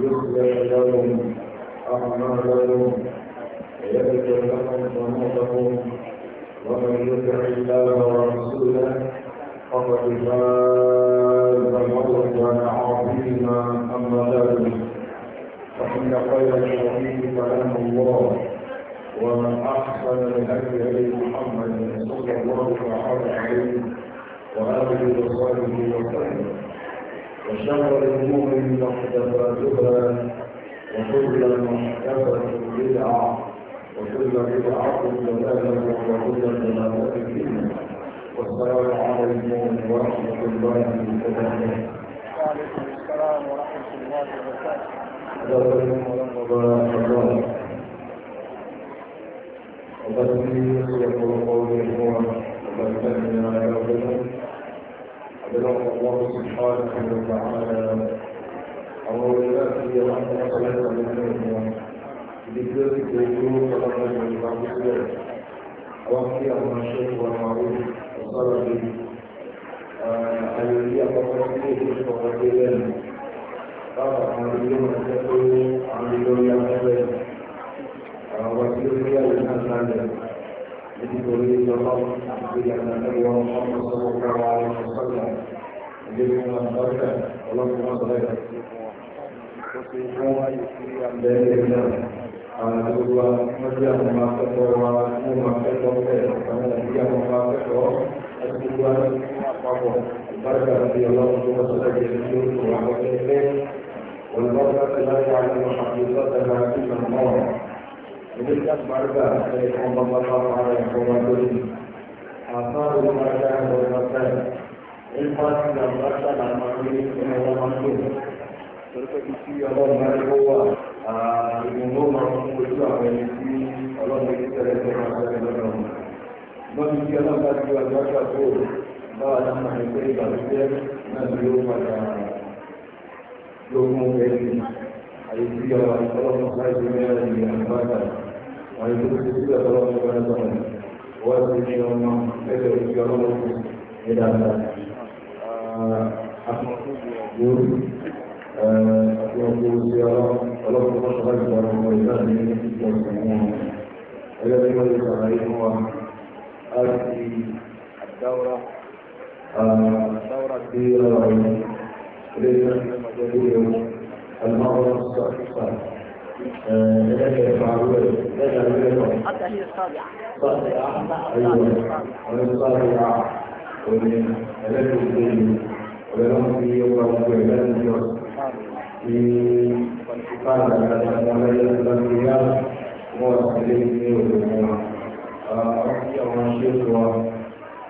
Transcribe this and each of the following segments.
يصلح لهم أعمالهم ويغفر لهم ذنوبهم ومن يطع الله ورسوله فقد فاز مرة عظيما أما بعد فإن خير الحديث كلام الله ومن أحسن الهدي هدي محمد صلى الله عليه وآله وصحبه وسلم وشر الأمور محدثاتها وكل محدثة بدعة وكل بدعة ضلالة وكل ضلالة في النار والسلام عليكم ورحمة الله وبركاته. وعليكم السلام ورحمة الله وبركاته. وبركاته. وبركاته. وبركاته. بلغ الله سبحانه وتعالى أولادي رحمة الله منهم بذلك يجوز رحمة الله وفي المشيخ والمعروف وصلب الذي أقرأ فيه الشهدين قال عمليون تقول عمليون يعملون وكيل يعملون بذكرية الله بأن النبي محمد صلى الله عليه وسلم جبنا بركة ولم نصغر وسيكون يسري عن ذلك الله أن الله مجاه ما كفر وما كفر به ومن أتيه ما كفر أسأل الله بركة رضي الله عنه وسلم يسيره وعلى والبركة لا يعلم حقيقتها إلا الله Berikan warga dari Allah yang mengatur Asal warga yang berkata Ilmat dan rasa dan makhluk Allah mampu Serta isi Allah berkuah Ibu mampu berkuah dan Allah berkata dari Allah yang berkuah Bagi Allah bagi warga satu Bahasa mahasiswa dan Nabi Umar àyíkúyà ọlọ́run sáàjú mẹ́rin ní àgbàdà àyíkúyà sílẹ̀ ọlọ́run gbẹ́rẹ́sọ̀rọ̀ wọ́n ti ní ọmọ ẹgbẹ́ òjì ọlọ́run ní dáadáa àkọ́kọ́ يقول زيارة ولو تخرج غير الميزان يسمونه الذي ولد عليه هذه الدورة الدورة الديرة ليست مجالية المرأة الصالحة آه، لذلك يفعلون حتى هي الصابعة صابعة أيوة والصابعة أيوة. ولكن الدين ولهم في يوم القيامة قال على الأنبياء وإليه يوم أحيى الشيخ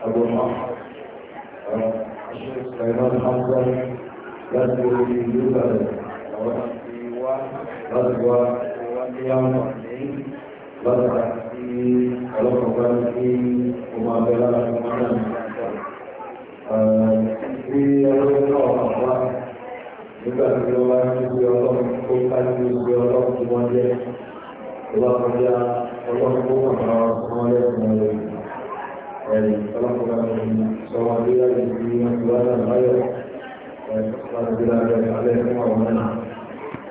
أبو الحق آه، الشيخ سليمان حمزة يذكر في جبل ọ̀rọ̀ ti wá láti wá ní àwọn lọ́dọ̀ àti ọlọ́pàá tí ó máa bẹ̀rẹ̀ láti máa ń rí ọlọ́pàá ọ̀pá nígbà tí ó wá ní ibi ọlọ́pàá tó ká ní ibi ọlọ́pàá tí wọ́n jẹ́ ọlọ́pàá ọlọ́pàá tó wà máa wọ́n lẹ́sìn rẹ̀ ẹ̀rì ọlọ́pàá sọ wọn bí láti fi ọjọ́ náà láyọ̀ ẹ̀sán láti fi láti alẹ́ fún àwọn náà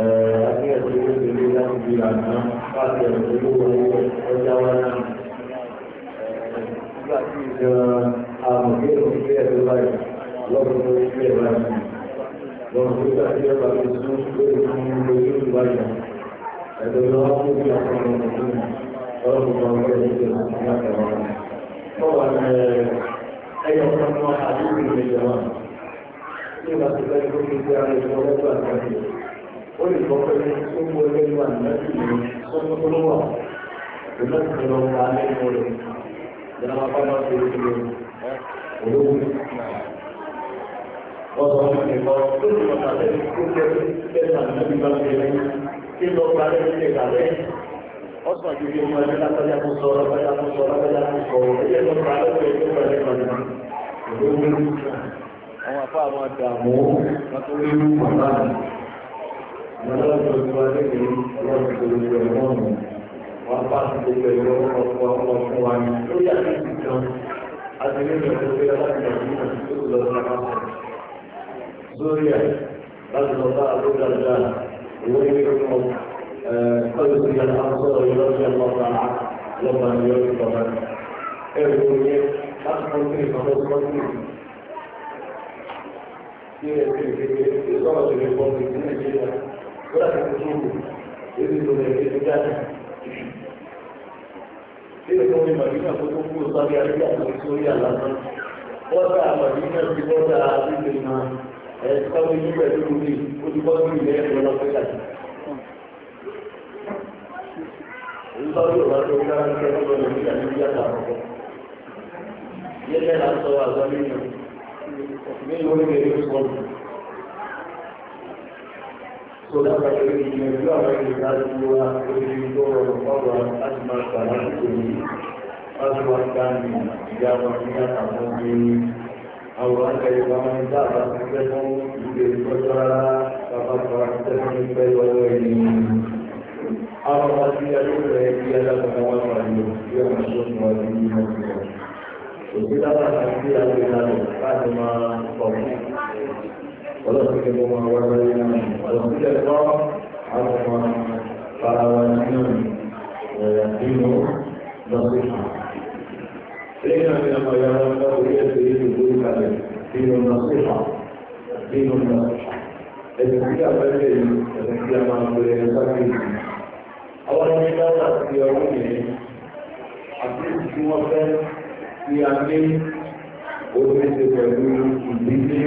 àti ẹ̀sìn ní ìdílé láti fi àná láti ẹ̀sìn ní owó ọjà wa náà. Nígbà tí ìjọba àmọ̀gbé òun fi ẹ̀sìn báyìí lọ́dún tó fi ẹ̀ báyìí. Lọ́dún tó gbà tí ọba ti sún lórí fún ojú ìlú báyìí. Ẹ̀dọ́ ló wá fún ìyá fún ọmọ ọdún ó lè gbọ́ pé ó mú ẹgbẹ́ ìwà nílẹ́sì ní sọ́nà tó wà ìlú ìlú lọ wà nínú rẹ̀ ìjọba bá lọ sí ìlú olówó. Wọ́n sọ fún mi lọ tó ti lọ kàlẹ́ tó jẹ́ kẹta níbi bá ti rẹ̀ kí lọ kàlẹ́ tó ti kàlẹ́. Wọ́n sọ ju bí ọmọ ẹgbẹ́ látọ́jà tó sọ lọ́gbẹ́jà tó sọ lọ́gbẹ́jà tó sọ ẹgbẹ́ lọ kàlẹ́ tó yẹ kó kàlẹ́ kàlẹ́ olówó. Àwọn afọ àwọn àdàmú wọn tó lé ní wàhálà. Ọlọ́run tó wá lé kìí, ọlọ́run tó lè wẹ̀ mọ́ ọ̀nà. Wọ́n bá ti lè wẹ̀ lọ́wọ́ ọkọ̀ ọmọ fún wa ní. Ó yà ní ìtàn, a ti lè lọ sí láti ìgbàgbọ́ àti tó lọ sí àpapọ̀. Sórí ẹ̀, láti lọ bá àlọ́ dáadáa, ìwé ilé ọkọ̀ kọ́lù sí àlọ́ ìlọ́sí ọlọ́pàá lọ́pàá ní ọdún bàbá. Ẹ̀rù oye, láti mọ́ sí ìfọwọ́sọ́sọ́ tiene que ver con el ولا تكتبوه يجب أن يتجاهل Ilé tó ní Màdínà tó tó kúrò sáré ayé àti sórí àlásán. Bọ́dà Màdínà ti bọ́dà àdúgbò náà ẹ̀ẹ́dẹ́gbẹ́wé nígbà tó kú ní ojúbọ́dún ilẹ̀ ẹ̀rọ lọ́pẹ́lá. Olùbáwí ọ̀rọ̀ àti ọ̀gá ń tẹ́ ọ̀gá Nàìjíríà ní ìyá àtàkọ́. Yẹ́lẹ́ là ń sọ àgbá nínú. Nínú orílẹ̀-èdè Sọ́ọ̀lù. صدق الذي يجعل عباده وأهله دور الفضل أجمل تمكن أجمل كامل يا وحياة المؤمنين أو أنت من دار حسنهم بالفترة فقد فرحتهم بالوين أو الوصية الأولى هي لك نوافع يوم الشكر والدين وكذا وكذا وكذا فاطمة ولقد ما وبينا ولقد الله عظم فأوانهم ويقين نصيحة إن من الميارات هي سيد الدنيا دين النصيحة دين النصيحة Ẹ̀sìnkí àpẹẹrẹ yìí, ẹ̀sìnkí àmà àpẹẹrẹ ẹ̀sáàkì yìí. Àwọn ọmọ ìgbà láti ọdún yìí, àti ìsìnkú wọn fẹ́ ti a ní orí ṣe pẹ̀lú ìdílé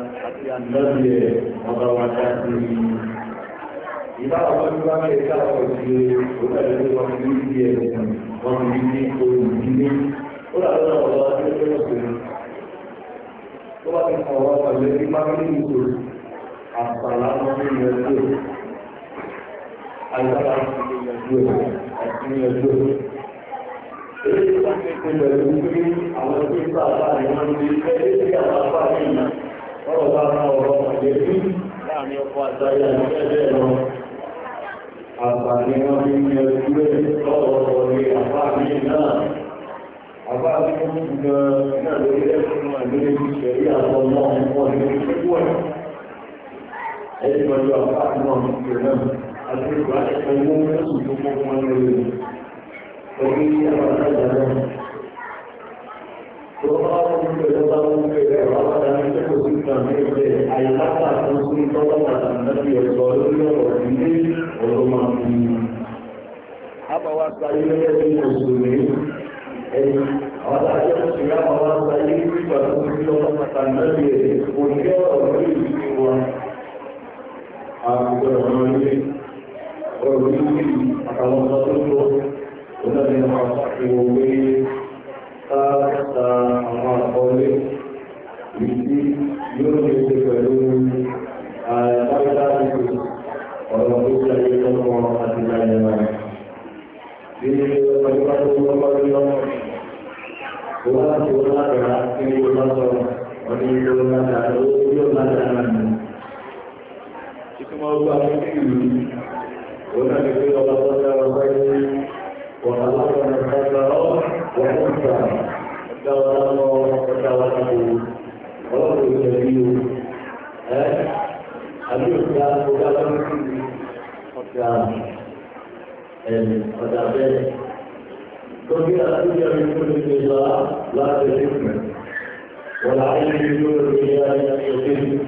tí a lọ́bí ẹ̀ ọba wa dá sí i. Ìbá ọ̀pọ̀ tí wọ́n fẹ́ ká ọ̀pọ̀ sí i, ó bẹ̀rẹ̀ pé wọ́n fi ní ẹ̀ wọ́n fi ní olùdílé. Ó rà lọ́nà ọ̀rọ̀ ọdún tó lọ́sẹ̀ ní. Ó bá ti kọ̀ wọ́n pẹ̀lú ẹbí mákìlì nìkò àpàlà ọdún ìyẹ̀dú. Àyíká ìyẹ̀dú àti ìyẹ̀dú. Èyí tó ń pè pẹ̀lú pé àwọn tó ń ọ̀rọ̀ bá rán ọ̀rọ̀ mọ̀lẹ́bí láàrin ọkọ̀ àtàrí àjẹ́jẹ́ lọ àpàdé wọn ní ẹgbẹ́ lọ́wọ́ orí àpáàmì náà àpáàmì náà náà lórí ẹ̀sùn àgbélé ìṣẹ̀rí àwọn ọmọ ọmọ ní ìṣẹ́kù ẹ̀ ẹ̀sùn ọjọ́ àpáàmì náà Àbàwà sàárì lẹ́yẹ̀ tí kò sùn ní ẹni, àwọn àjọ́ ìṣẹ́lá àwọn sàárì nípa tó ń fi ọmọ pàtàkì lẹ́bí ẹ̀ kò ní ọ̀rọ̀ lórí ìlú wa. Àbùkọ̀ ọ̀rọ̀ ilé, ọ̀rọ̀ ilé àtàwọn ọ̀sán tó tó, ó náà ní ọmọ sáàkà àwọn àkọlé ìdí yóò ní ṣe pẹ̀lú àìsáìsáìsì ọ̀rọ̀ tó jẹ́ lọ́pọ̀ àti ìlànà bí ọjọ́ tó lọ́pọ̀ lọ́pọ̀ tó wá láti wọ́n lágbára kí ní wọ́n sọ wọ́n ní ìlú lágbára ó yóò lágbára Ìtumọ̀ ọgbà ní ìlú, òun náà ní pé ọba tó dára wáyé وخلقنا الذكر والأنثى دورنا ودورته ورب النبي الإسلام مدرس الإسلام القدامين تركي الأسئلة من كل نظام لا تجسم والعين بدون الرجال يقين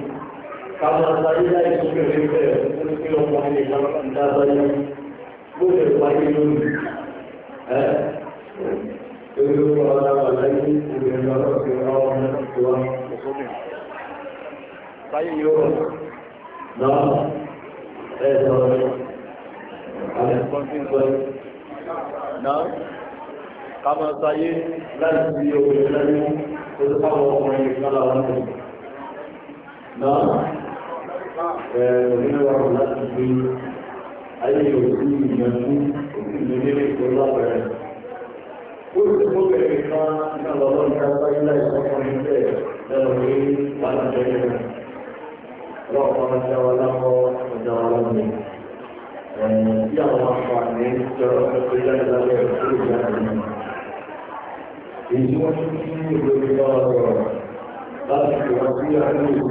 كما قال لا يشكر في الخير تذكر الله لمن لا بل مدرك يدل على عليه من مرض فرعون طيب نعم ايه نعم كما سيد لا يزيد الذي تتطور من كلامه نعم ومن الله أن يزيد ìdílé pẹ̀lú àpẹẹrẹ. Ó sì mú bẹ̀rẹ̀ kan ní ọlọ́wọ́ ní apá ilé ìfọkànlẹ̀ bẹ́ẹ̀ lẹ́nu ní wàlàjẹ́ rẹ̀. Ọlọ́pàá ń jáwọ́ lápọ̀ ọjọ́ lọ́nà. Bí àwọn àǹfààní jọrọ pẹ̀lú jáde lábẹ́ ìlú ìjáde náà. Èyí wọ́n ti ní ìlú ìjọba ọ̀rọ̀ láti wọ́n sí àárín ìlú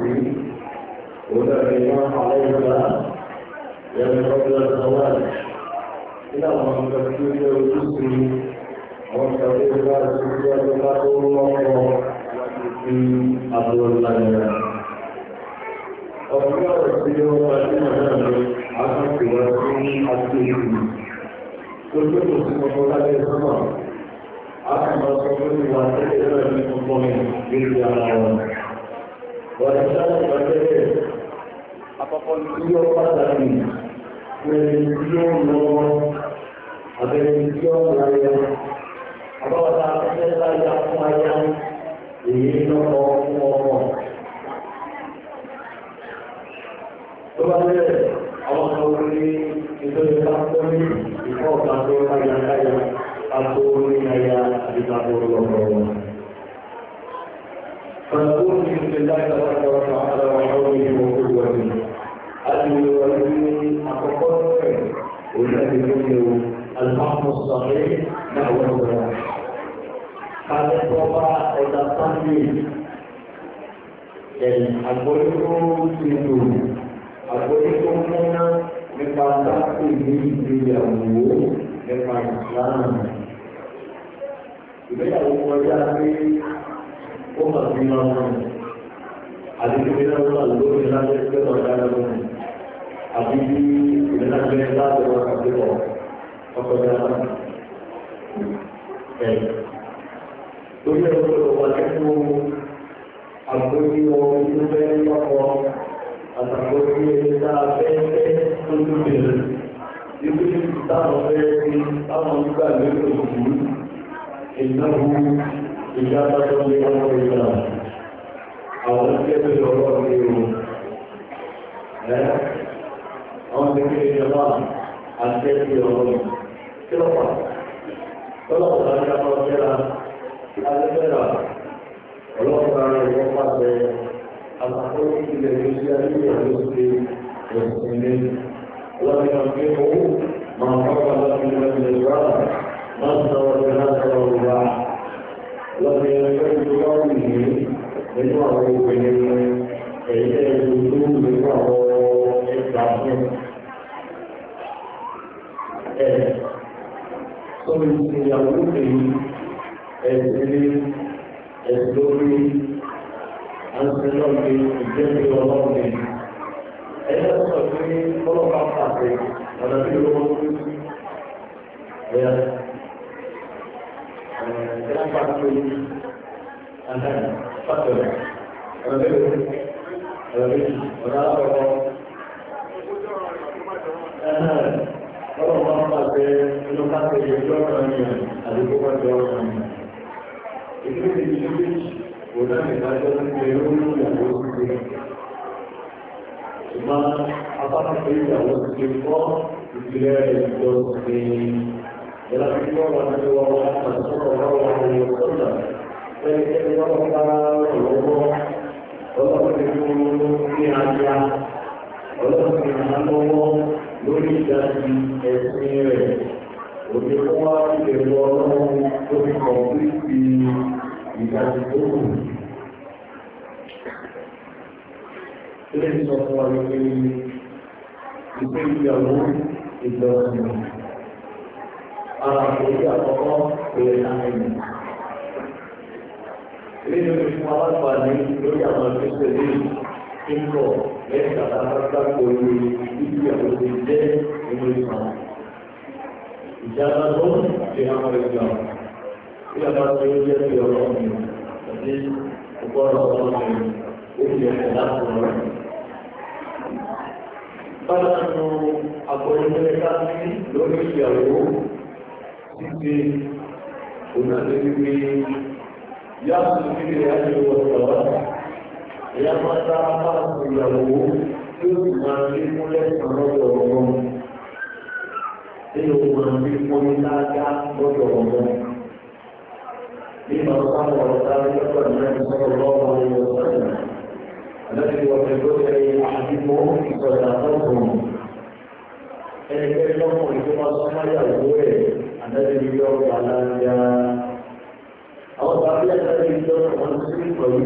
ولكن عليهما يمن قبل الزواج إلى أن تكون الجسم وتكون الجسم الله في أرض الله وقال السيد عبد الوزير الدين كل مسلم ولا يسمع أحمد صبر وسائر المسلمين بالجلال ورسالة بدر أقول يوم بدر ẹni tí ó lọ àbẹ̀rẹ̀ tí ó lọ ayẹ àbáwọ̀ta ẹgbẹ́ láyé fún ayé èyí lọ́kọ̀ fún ọmọ tó bá bẹ̀rẹ̀ àwọn kan wọ́n ní ìtọ́jú sáfẹ́ ní ìfọ́ ọ̀gá tó láyé láyé àtò ní ayé àdìgbàgbọ́ lọ́kọ̀ wọn. فنقول بسم الله تبارك وتعالى وحوله وقوته أبي ولدي أتقطع والذي يقول الفهم الصحيح نحو الغرام قال الصبا إذا صلي أقولكم سيدون أقولكم هنا nípa dákú ní ìgbéyàwó nípa ìsìláàmù. Ìgbéyàwó kọjá pé ó mà bí máa ń àbí ìrìnàjò láti wọ́n kàbí bọ̀ ọkọ̀ ní àwọn ẹ̀. Lórí ẹ̀rọ wà nínú àgbóyí wọn ní bẹ́ẹ̀ lọ́kọ̀ àtàgbóyí ẹni tá a fẹ́ fẹ́ tó tó bẹ̀rẹ̀. Ibi táwọn fẹ́ fi táwọn gbà lérò sí ìnáwó ìjà tọ́jọ́ ní ọmọ ìgbà. Àwọn ẹgbẹ́ mi lọ́wọ́ mi o àwọn ìgbẹ́kẹ̀ ìjọba àti ẹgbẹ́ ọ̀rọ̀ kí lọ́pàá tọ́lọ́pàá láti ká lọ́ọ́ jẹ́ra alẹ́gbẹ́ra ọlọ́pàá rẹ̀ wọ́n pàṣẹ àtàkùn ilẹ̀ ní sí ayé ìlú ṣe ẹ̀sìn ní ọlọ́pàá gbé owó máa kọ́kọ́ láti ilẹ̀ ilẹ̀ ìwà máa ń sọ ọ̀rẹ́ láti ọ̀rọ̀ wa ọlọ́pàá ẹgbẹ́ ìjọba wù ní nínú àwọn obìnrin ẹ̀yẹ́ ìlú tó wù nínú àwọn ọ̀rọ̀ gbà fún ẹ sọ́mi ti ìyàwó èyí ẹ̀sìnlẹ̀ ẹ̀sìnlórí àǹsìnlọ́gbé ìjẹ́bí ọlọ́gbé ẹ̀yẹ́ sọ pé ọlọ́pàá pàṣẹ ọ̀nà bí ó wọ́n tó sí ẹ̀yà ẹ̀yà pàṣẹ àdáyà pàṣẹ ọ̀nà bí ó wọ́n tó sí ọ̀nà bí ó wọ́n tó sí inú ká pé ìjọ kan ní àdúgbò wọn jọ kan ní. Ìdílé ti di ṣíbí kò náà ìdájọ́ ní pé ó ní ìyàwó ti ṣe. Ṣùgbọ́n apáta pé ìyàwó ti ṣe kọ́ ìpìlẹ̀ ìjọ ṣe. Ìlà tí wọ́n wà ní wọn wá àtúntò ọ̀rọ̀ wọn ní ọ̀sọ́nà. Ẹnikẹ́ni ti fún lọ́wọ́ lórí ìdájí ẹ̀sìn rẹ̀ òní fún wá ilẹ̀ lọ lọ́wọ́ tó fi kọ̀ sí ti ìdájú tó kù. Ilé ìsọ fún wa wípé ìgbé ìyàwó ìjọsìn. Ara àkórí àkọ́kọ́ pèlè náà ẹ̀mí. Ilé ìjọsìn fún wa wá ní lórí àwọn ìgbésẹ̀ yìí tí ń bọ̀ lẹ́yìn tàbí àtàkùn orí ìgbéyàwó ti jẹ́ ìmọ̀ ìsọ̀rọ̀ ìjábá tó àti àwọn ìjọ tí a bá tó yẹ kí ọ̀rọ̀ mi àti ọgbọ́n ọ̀rọ̀ mi ó fi ẹ̀sẹ̀ láti rọrùn. Bákan nu àkọlùmọ́lẹ́ ká sí lórí ìyàwó títí onáde wípé yáàtú nílé ayé wọ̀tọ̀ ẹ̀yà máa dá apá ìyàwó tí ó sì máa ní múlẹ̀ sàn lọ́dọ̀ ọ̀gbọ́n nínú wọn ní wọn dáadáa lọ́dọ̀ ọmọ. Nígbà tó sáwọn ọ̀rọ̀ dáadáa lọ́dọ̀ náà sọ̀rọ̀ lọ́wọ́ ọmọ sọ̀rọ̀. Àlọ́bí wọn ti tó ṣe àdìmọ́ ìsọ̀rọ̀ àtọ́kùn. Ẹnikẹ́ni lọ́kùnrin tó máa sọ máyà owó ẹ̀ àdájọ́ ní yọ ọgbà láńyá. Àwọn tàbí àdájọ́ ní yọ ọgbà sí pẹ̀lú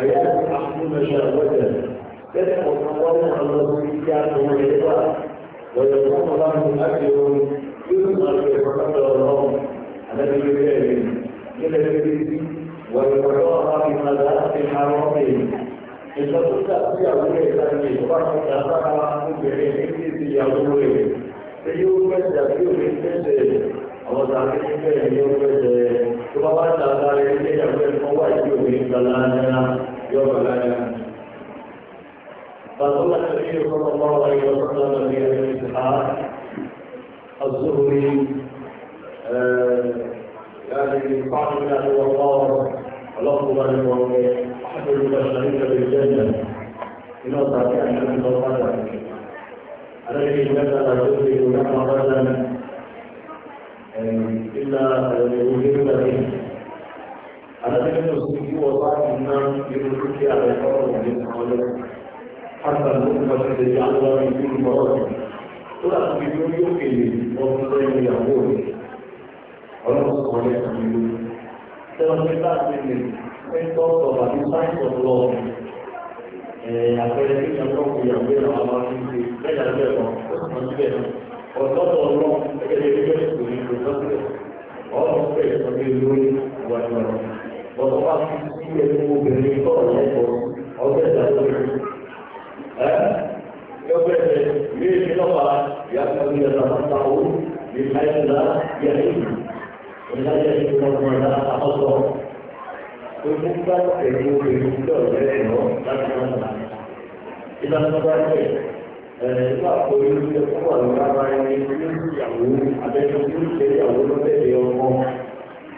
àyà àti àkúnmẹ́ṣẹ́ àgbẹ̀jẹ̀. ويكون لهم أجر يثمر بفقدر الله الذي يكرم إلى البيت ويتطهر من ذات حرامه إذا كنت أبيع إليك أني فرحت أبقى بحيث يغوي فيوم بدأ فيوم الفسد àwọn tàbí níbẹ̀ ní ó pẹ̀sẹ̀ tó bá bá tàbí ilé ìyàwó ẹ̀kọ́ wáyé òmìnira lánàá yọ̀bọ̀ lánàá فقال النبي صلى الله عليه وسلم في الانتحار الزهري آه، يعني قال من هو الله ولفظ من احد المبشرين بالجنه بما استطيع من القدر الذي بدل يدرك لنا غدا الا يوجد به على ذلك الصديق وصاحب النار يدرك على الحر والمسعود حتى الأمة التي جعلها من كل مراتب ولا تجدون يمكن والنظام يقول ونص عليك من تلقيتات من من توصل في ساينس اوف لو àpẹẹrẹ tí ìjọba ń fi àgbẹ̀ àwọn ìgbé lẹ́yìn àgbẹ̀ wọn wọn ti bẹ̀rẹ̀ ọ̀dọ́dọ̀ ọlọ́run ẹgbẹ́ ẹgbẹ́ ìgbésẹ̀ ní ìgbésẹ̀ ọ̀rọ̀ pé ìtọ́jú lórí ìwà ìwà ọ̀dọ́ wa fi sí ẹgbẹ́ obìnrin tọ̀rọ̀ lẹ́kọ̀ọ́ ọgbẹ́ ìdájọ́ yóò bẹ̀rẹ̀ ilé ìjọba ìyàtọ̀ ní ẹ̀rọ àtàwọn nípa ìlà yẹ̀rì ìlà yẹ̀rì ìmọ̀ràn ìlà àkọ́sọ. Ojú bá ẹ̀rọ ìlú tó ọ̀rẹ́ ẹ̀rọ láti wọ́n nà. Ìlà tó bá tẹ̀ nígbà tó yẹ kí ẹ̀kọ́ wà lórí ara ẹni ní ìyàwó abẹ́ni ní ìṣe ìyàwó lọ́tẹ̀lẹ̀ ọmọ.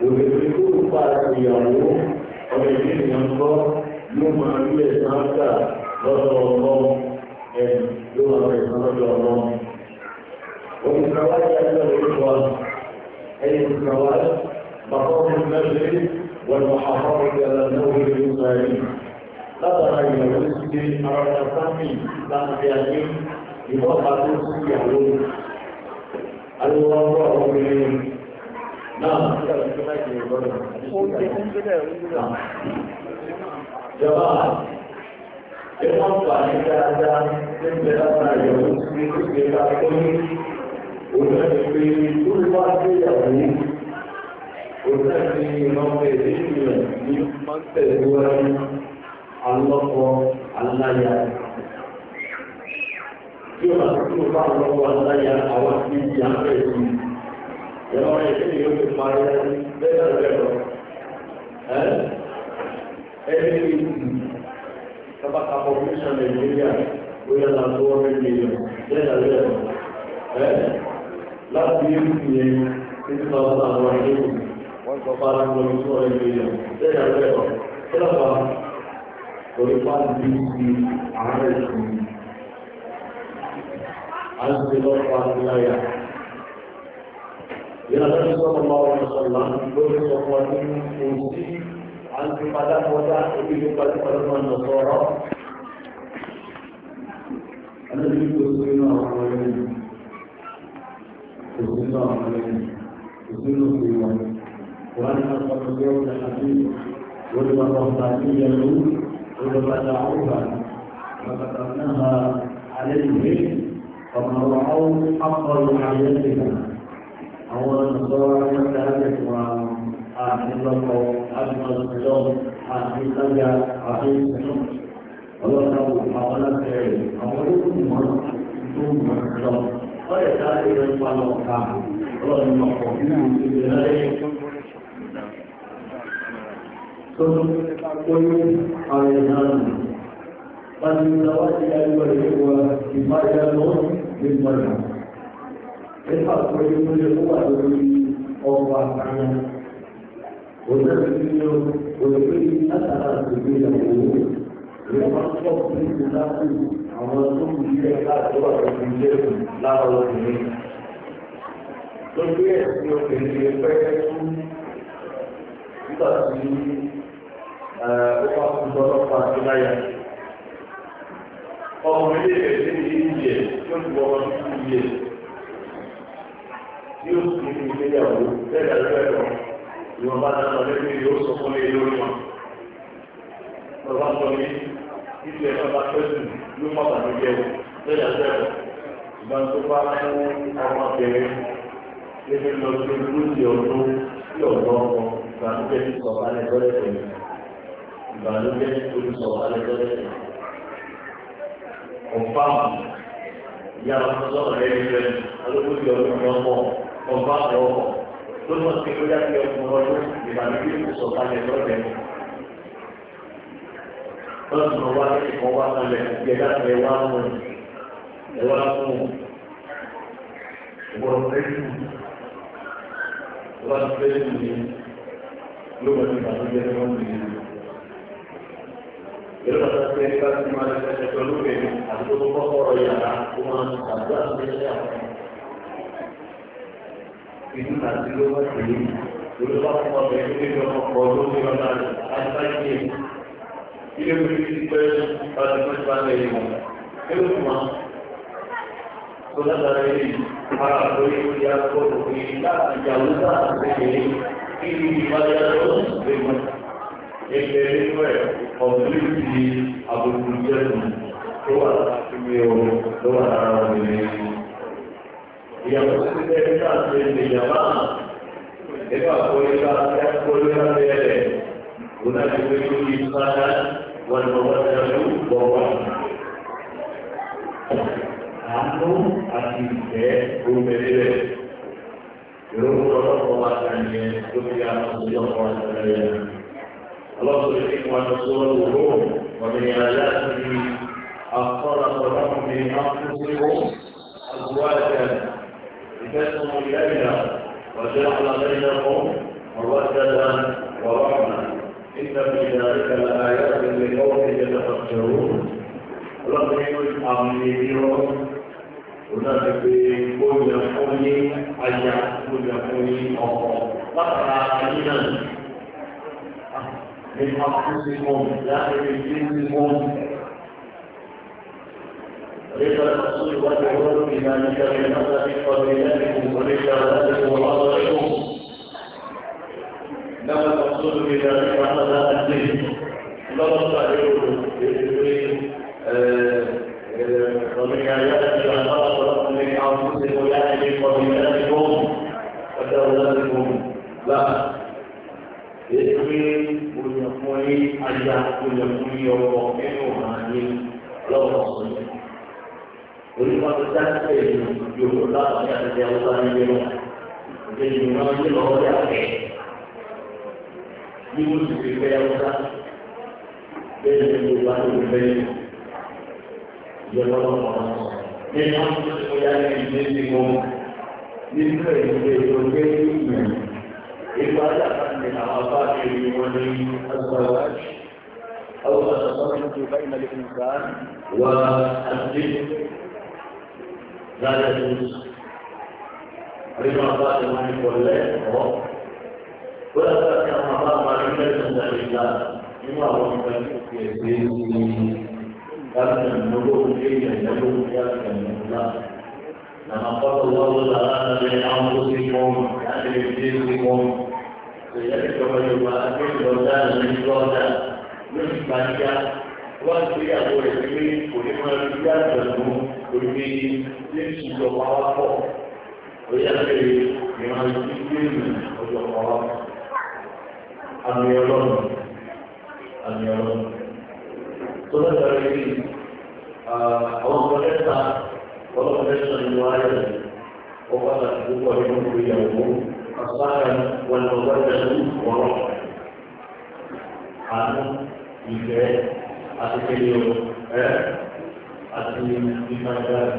Òbẹ̀rẹ̀ tó ń pa ìyàwó ọ̀rẹ́ ìlú ìyàwó ló máa ń lẹ̀ sáńtà lọ́dọ̀ ọlọ́run ẹni ló máa bẹ̀rẹ̀ sọ lọ́dọ̀ ọlọ́run. Olùkàwájú ẹgbẹ́ orúkọ ẹni olùkàwájú bàbá ọmọ mẹ́rin wọn lọ àwọn ọmọdé aláwọ̀ ìlú sáré. Látara ìyàwó síbi ara sáfì láti ayé ìwọ́n bá tó sí ìyàwó. Àlùwọ́ ọgbọ́ ọmọ obìnrin náà ń Jọba pé wọ́n fà ní dáadáa tó ń bẹ láta ìyàwó sí pé ká tó ní òṣèlú pé tó bá dé ìyàwó òṣèlú ìrànwọ́ èdè ìrìnà ní mọ́tẹ̀lúwẹ́rẹ́ alọ́kọ aláya tí ó máa tó bá alọ́kọ aláya àwọn tí ìyá ń Kapa population in India, we are not 400 million. Yes, I will. Eh? Last year, in 2018, one of our employees were in India. Yes, I will. Kapa, for As the Lord was liar. Ìlànà ìsọ́kọ̀lọ́wọ́ ìsọ̀lá lórí ọkọ̀ ní عن قبلة وجاء إليه قبلة النصارى الذي تصلنا عليه تصلنا عليه تصلنا عليه وأن أصحاب اليوم الحديث ولما الرحمانية ولما دعوها فقدرناها عليهم فما رأوا حق رعايتها أو النصارى كذلك وأحل الله àjùmọ̀ ìjọ àti ìtajà àti ìṣẹ̀lẹ̀. Ọlọ́ta wò àwọn aláṣẹ́rẹ̀ àwọn olókùnmọ̀ tó mọ̀ lọ. Wọ́n lè ta ẹgbẹ́ ipa lọ ká ọlọ́run mọ̀ pọ̀ nínú ìgbẹ́ lẹ́yìn. Tó oyún àwọn ẹ̀dá nù. Wọ́n ti lọ wá ونحن ونحن أثر سبيل الأمور لنحصل في الناس عملتم في حاجة من جسم لا وزنين Lọ́gbé ẹ̀sìn obìnrin ẹgbẹ́ fún nígbà tí ó bá fún ọlọ́pàá àti láyà. Ọmọ ilé ẹ̀sìn ní ìyẹ̀ tí ó ti wọ́n wọ́n ìyẹ̀ tí ó sì ní ìgbéyàwó bẹ́ẹ̀ lọ́wọ́ ẹ̀rọ ni wọ́n bá dáná lẹ́nu yóò sọ fún ilé lórí wọn. Bàbá sọ ní ìfẹ́ bàbá pẹ́sù ló pàtàkì jẹ lẹ́yà sẹ́wọ̀n. Ìgbà tó bá fún ọmọbìnrin lébi lọ sí lóṣì ọdún sí ọ̀dọ́ ọmọ ìgbàlódé ti sọ̀rọ̀ alẹ́ lọ́lẹ́ pẹ̀lú. Ìgbàlódé ti sọ̀rọ̀ alẹ́ lọ́lẹ́ pẹ̀lú. Ọ̀pá ìyá ọ̀sán sọ̀rọ̀ lẹ́yìn rẹ̀ alókòtì ọdún ọmọ ọ̀pá ọ̀pọ̀ ló mọ̀ sí ló dájú ọmọ ọdún ìbànújẹ́ kò sọ kalẹ̀ lọ́dẹ̀ mọ́. Ọlọ́run mọ̀ a lẹ́yìn kan wá kalẹ̀ yẹ láti ẹwà mọ̀ ẹwà fún ìwọ̀n fẹ́ẹ́lú ìwọ̀n fẹ́ẹ́lú ni ló mọ̀ sí ìbànújẹ́ tó ń bì í. Yọ̀rọ̀ bá ti ẹni bá ti máa lẹ́sẹ̀ pẹ̀lú ẹ̀mí àti tó kọ́kọ́ ọ̀rọ̀ yàrá tó máa ń tàbí àti ìlú àti ló bá ti rí ìlú bá pọ̀ bẹ̀rẹ̀ ní ìjọ ọkọ̀ ọdún ní ọ̀nà àtàkì ilé orí ti pẹ́ ọdún tó bá lẹ̀ yìí wọn. Ẹ ló wà tó látara yìí ara lórí orí akọ òfin láti ìyàwó láti bẹ̀rẹ̀ kí ni ìbájá lọ́wọ́ lè mọ̀. Ẹgbẹ́ nínú ẹ̀ ọ̀dún ti àbùkù jẹ́ tó wà láti mi ò tó wà lára òmìnira ìyàwó ti tẹ́ ní láti lè yàrá nípa àkọlẹ́gbà àkọlẹ́gbà bẹ̀rẹ̀ òun àti pé kí ní sáyà wọn lọ wọn lọ bọ̀ wọn. àánú àti ìfẹ́ obìnrin rẹ̀ ìrònú ọlọ́pàá wa kàn yẹn tó fi àwọn ọ̀sẹ̀ ọ̀pọ̀ àtàlẹ́ yẹn. ọlọ́pàá ti fi wọn lọ sọ́wọ́ wọn ni àyà ti àkọ́ra ọlọ́pàá mi máa fún wọn. كسر إلينا وجعل بينهم موده ورحمة إن في ذلك لآيات لقوم يتفكرون رب يجعل Òtàtí pé ó yẹ fún ní àyà, ó yẹ fún ní ọkọ̀. Látara àyínà ní àkúsí mọ́, láti rí sí mọ́. ليس المقصود والجهود بما نشر الناس في قبيلتكم ورجالاتكم وأصلكم إنما المقصود بذلك هذا الدين لا تستعجلوا آه، آه، ومكايات إلى خلق أنفسكم يعني من قبيلتكم ودولتكم لا يكفي كل يوم أن يكون يوم يوم يوم يوم يوم يوم onímọ̀ tó dájú pé ìlú yòówó láwọn ní àtẹ̀jẹ́ ọ̀sá nílé wọn ìdè ìlú náà yé lọ́wọ́ yà pẹ́ bí wọ́n ti fi pẹ́ ọ̀sá bẹ́ẹ̀ ni gbogbo àti olùfẹ́ ìjọba ọmọ ọmọ nínú ọ̀yà ní ìdílé ti mọ nínú ìdílé tó gbé ìlú ìgbà yàtọ̀ ní àwọn bá ti rí wọn ní agbára. أو ما تصرف بين الإنسان والدين lálẹ́ tó ń sùn. àríwá bá ti wọ́n ní kọ́lẹ́ ẹ̀kọ́. ó yàtọ̀ sí àwọn bá wọn ní mẹ́sàn-án tàbí ìlà nínú àwọn ọmọ ẹgbẹ́ òkè ẹgbẹ́ ní láti ìnáwó ilé ìyàwó ìyá ìyàwó لما قال الله تعالى لأنفسكم يعني لجنسكم فذلك الرجل أكل وزان من الوزن من مكة وأنت يا أبو الحكيم ولما الرجال ظلموا òbí jésù jọba wá pọ̀ òyà pé ìran ìdí jésù ọjọ́ kan wá pọ̀ àmì ọlọ́run àmì ọlọ́run tó lọ́jọ́ rẹ̀ rí àwọn ọmọ lẹ́ta ọlọ́run lẹ́sọ̀ nínú ayọ̀ rẹ̀ wọ́n pàtàkì púpọ̀ nínú ìgbéyàwó asáyà wọn lọ wájà ní ìwọ́rọ̀ àánú ìfẹ́ àti kéde ọ̀rọ̀ ẹ̀ àti ìfajà rẹ̀.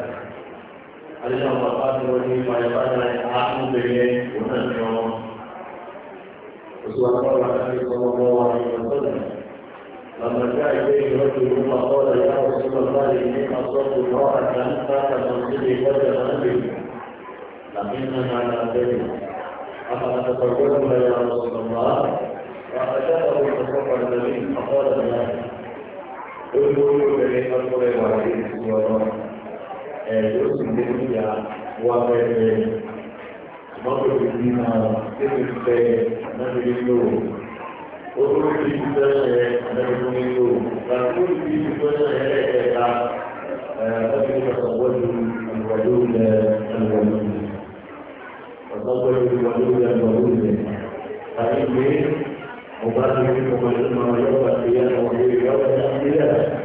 Àdéhùn àwọn bàbá ti wọlé ìfàyàfàjà rẹ̀ àkúbẹ̀rẹ̀ òun náà ní ọmọ. Oṣù àkọ́kọ́ àti ìfọwọ́wọ́ wa ní ọ̀sọ́dà. لما جاء إليه رجل فقال يا رسول الله إني أصبت امرأة تحت منزلي وجد أبي لكننا لا ندري أفتتزوجها يا رسول الله فأجابه فقال النبي فقال لا olórí obìnrin ọkùnrin wà ní ìsinmi ọ̀nà ẹ̀ yóò sì lé níyà wà pẹ́ẹ́pẹ́ mọ́tò ti di náà tẹ́lẹ̀ fẹ́ anábìrì lò olórí ti di fẹ́ẹ́ anábìrì lò làtúrò ti di fẹ́ẹ́ ẹ̀ẹ́dẹ́gbẹ̀ta ẹ̀ẹ́dẹ́gbẹ̀ta ìgbàlódé وبعد منكم الأمة يوم القيامة وفي يوم القيامة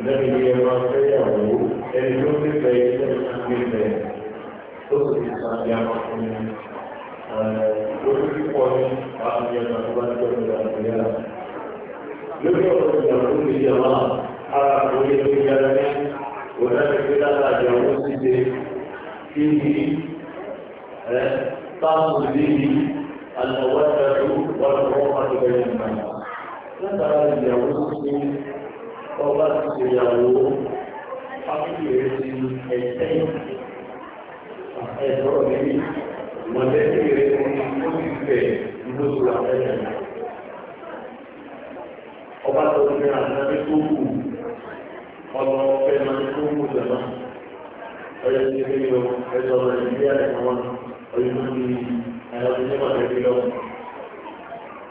الذي هي ما سيره أن يمسك فيسلم من ذلك تصبح صاحبا من وتصبح صاحبا من القيامة لم يكن يقول الجماعة على قوية الجنة ولكن إذا جاءوا فيه تاخذ به المودة والرحمة بين الناس látara ìyàwó sí ọba ti ṣe ìyàwó ápùlẹ̀ ti ẹ̀tẹ́ ẹ̀tọ́ ní mọ̀lẹ́bí rẹ̀ ó ti fẹ̀ lóṣù àtẹ́lẹ̀ ọba tó ń fẹ́ àtàbí tó kù ọmọ ọ̀fẹ́ ìwọ̀n ẹ̀tọ́ rẹ̀ ní àyẹ̀wọ̀n ọyọ́ sí ẹ̀rọ ti ní bọ̀dẹ̀ bí lọ́wọ́.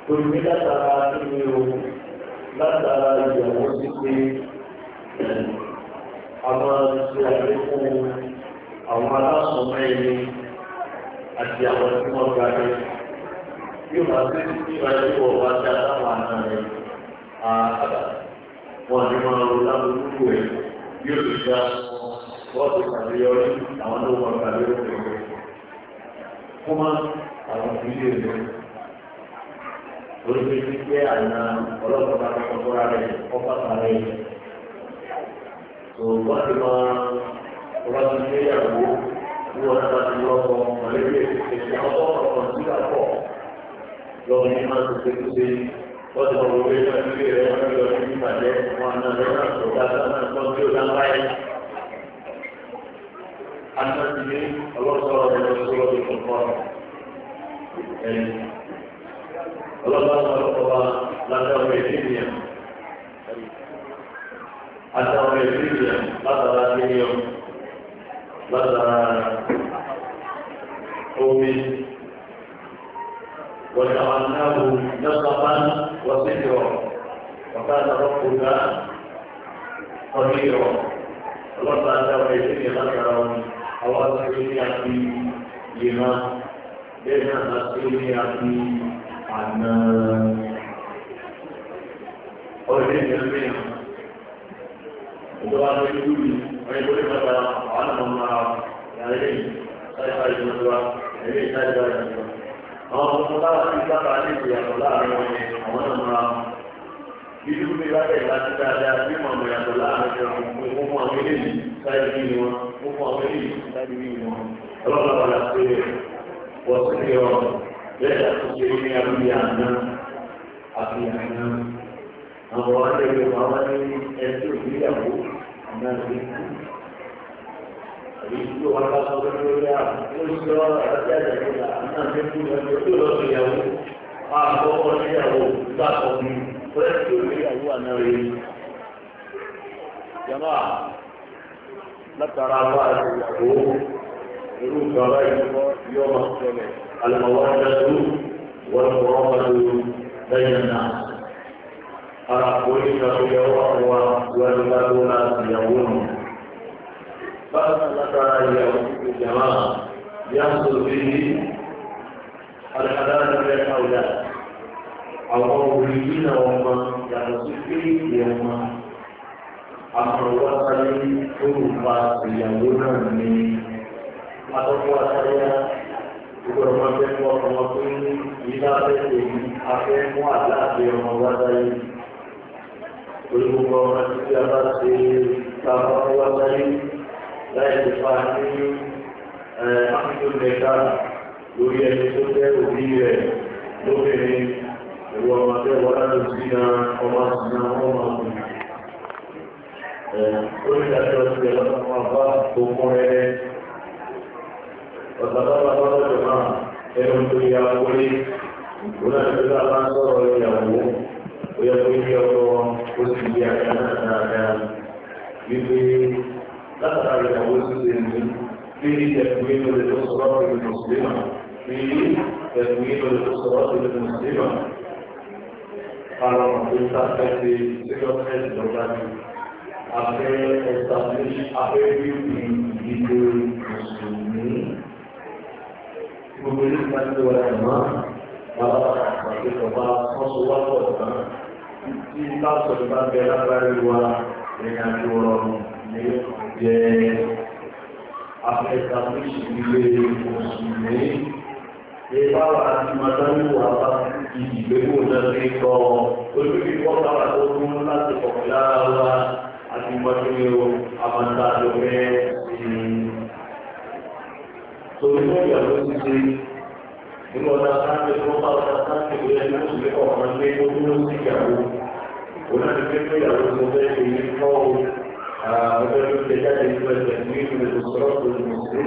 Torí mi látara nínú o látara ìyàwó ti pé a máa ń ṣe àlékún àwọn alásùnmọ́ ẹni àti àwọn tí wọ́n ga rẹ̀. Bí o bá ti ti ti ra àwọn ìdílé rẹ̀ lórí ti pé àná ọlọ́pàá bá kọ́kọ́ tó rárẹ̀ ọ̀pá kàrẹ́ yìí. tó wọ́n ti máa wọ́n ti gbé ìyàwó ní wọn náà ti lọ́kọ̀ mọ̀lẹ́bí ètò ọkọ̀ ọ̀kan sí àpọ̀ lọ́wọ́ ní máa tó ṣètúnṣe wọ́n ti mọ̀ wọ́n gbé ìgbà nílé rẹ̀ wọ́n ti lọ sí ìpàdé wọn àná rẹ̀ náà tó dáadáa náà tó ń gbé ọ̀dà láyé. Anasini ọlọ́sọ̀rọ̀ ọ̀dọ́ sọ́lọ́dún kọ̀ọ̀kan ẹ̀yìn ọlọ́pàá wọn lọ́kọ̀ọ́ba látàwọn ẹ̀sìn ìyẹn àtàwọn ẹ̀sìn ìyẹn látara kíníọ̀ látara omi وجعلناه نسقا وسكرا وكان ربك قديرا الله تعالى ويجزي نصرا او اسكت يعني لما bẹ́ẹ̀ náà láti ilé àti àna ọ̀rẹ́ ìrìnlẹ́mìnà ìjọba ní ojú rí ọ̀rẹ́ ìgbóni mẹ́ta àwọn ọmọ ẹ̀rẹ́ ìsáìsáì ìjọba ẹ̀rẹ́ ìsáìsáì ìjọba àwọn ọmọ bá ti sábà ní ìyàtọ̀ láàrin wọn àwọn ọmọ Ibi tí bá bẹ̀rẹ̀ láti dáadáa bí mo àmọ̀ ìyàtọ̀ láàrin ìjọba mo fún àwọn eléyìí sáìdì bí wọn, mo fún àwọn eléyìí sáìdì bí wọn. Ọlọ́run bá wà láti pé وصفي بدا تسيرين أبي عنا أبي عنا أموال بموال أنتم له أنا Ìjọ wa ká sọ pé ó yá, ó ń sọ àjẹ́ àjẹ́gbẹ́ta, náà fi kú ẹgbẹ́ tó lọ sí ìyàwó, àkọ́kọ́ sí ìyàwó, ìgbà ọ̀gbìn, ó yẹ kí ó lè yàwó àná rẹ̀. Jọba, látara wá ìyàwó, irú ìjọba yóò máa tẹ̀lé alùpàwọ́ ìdájú wọ́n kọ́ ọ́pàdé lẹ́yìn náà. ara kòrí ìṣàkóyọwọ́ àwọn ìwádìí láti ìyàwó nù. bákan látara ìyàwó ìjàmá yàtọ̀ sí alàdáàdì rẹ̀ káwùdà àwọn òbí nínú tó ń fa ìyàwó náà ní àtọ́kọ́ àtàríyá ìgbọ̀rọ̀ máa fẹ́ mú ọkọ̀ wọn pé ní ilé afẹ́fẹ́ yìí afẹ́ mú àláàfẹ́ ọmọ wá sáyé orí gbogbo ọmọ títí a bá ṣe káfọ́ wá sáyé láì lè fa ní áfíríkà mẹ́ta lórí ẹni tó jẹ́ òbí rẹ̀ lóbìnrin ìwọ ọmọdé wọlé lòsí náà ọmọ sí náà ọmọ ọmọ orí ìdájọ́ ti ẹ̀lọ́pàá bá òkun rẹ̀ ọ̀sánlọ́wọ́ lọ́dọ̀ máa ẹnu tó yà wọlé ìgbóná ìgbésà máa ń sọ̀rọ̀ ìyàwó ó yẹ kó yẹ ọkọ ó sì yẹ àyà náà dáadáa wípé látara ìyàwó ṣíṣe ní bí ẹ̀kúnyé lórí tó sọ̀rọ̀ ìlú mùsùlùmá bí ẹ̀kúnyé lórí tó sọ̀rọ̀ ìlú mùsùlùmá àwọn ọ̀gbìn tá a fẹ́ ṣe ṣíṣọ́ fẹ́ lọ́gbà ní afẹ́ ẹ̀sàmì afẹ́ bíbí ìdílé mùsùlùmí gbogbo ilé ìgbà tí wọ́n rẹ̀ mọ́ bàbá àti bàbá wọ́n so wá pọ̀ tán tí bá sọ̀rọ̀ bá bẹ lágbára wa ìrìn àjò rọrùn ní jẹ́ afẹ́ta tó sì ilé oṣù ní ìbá wa àti màdánù wà bá ìgbéwò náà ní kọ ojú ìfọ́ sábà tó kún láti kọ̀ọ̀kan lára wa àti mọ́tò àbáńtà lọ́fẹ́ sí i torí ní ìyàwó ti ṣe nínú ọ̀dà sáńtì tó bá ọ̀dà sáńtì tó yẹ kí oṣù mẹ́fà ọ̀kan gbé ó dúró sí ìyàwó òun àti pé pé ìyàwó ti fẹ́ ṣe ní kọ́ ọ ọjọ́ tó ti jáde nínú ẹ̀jẹ̀ ní ìlú ìṣòro tó ti pọ̀ sí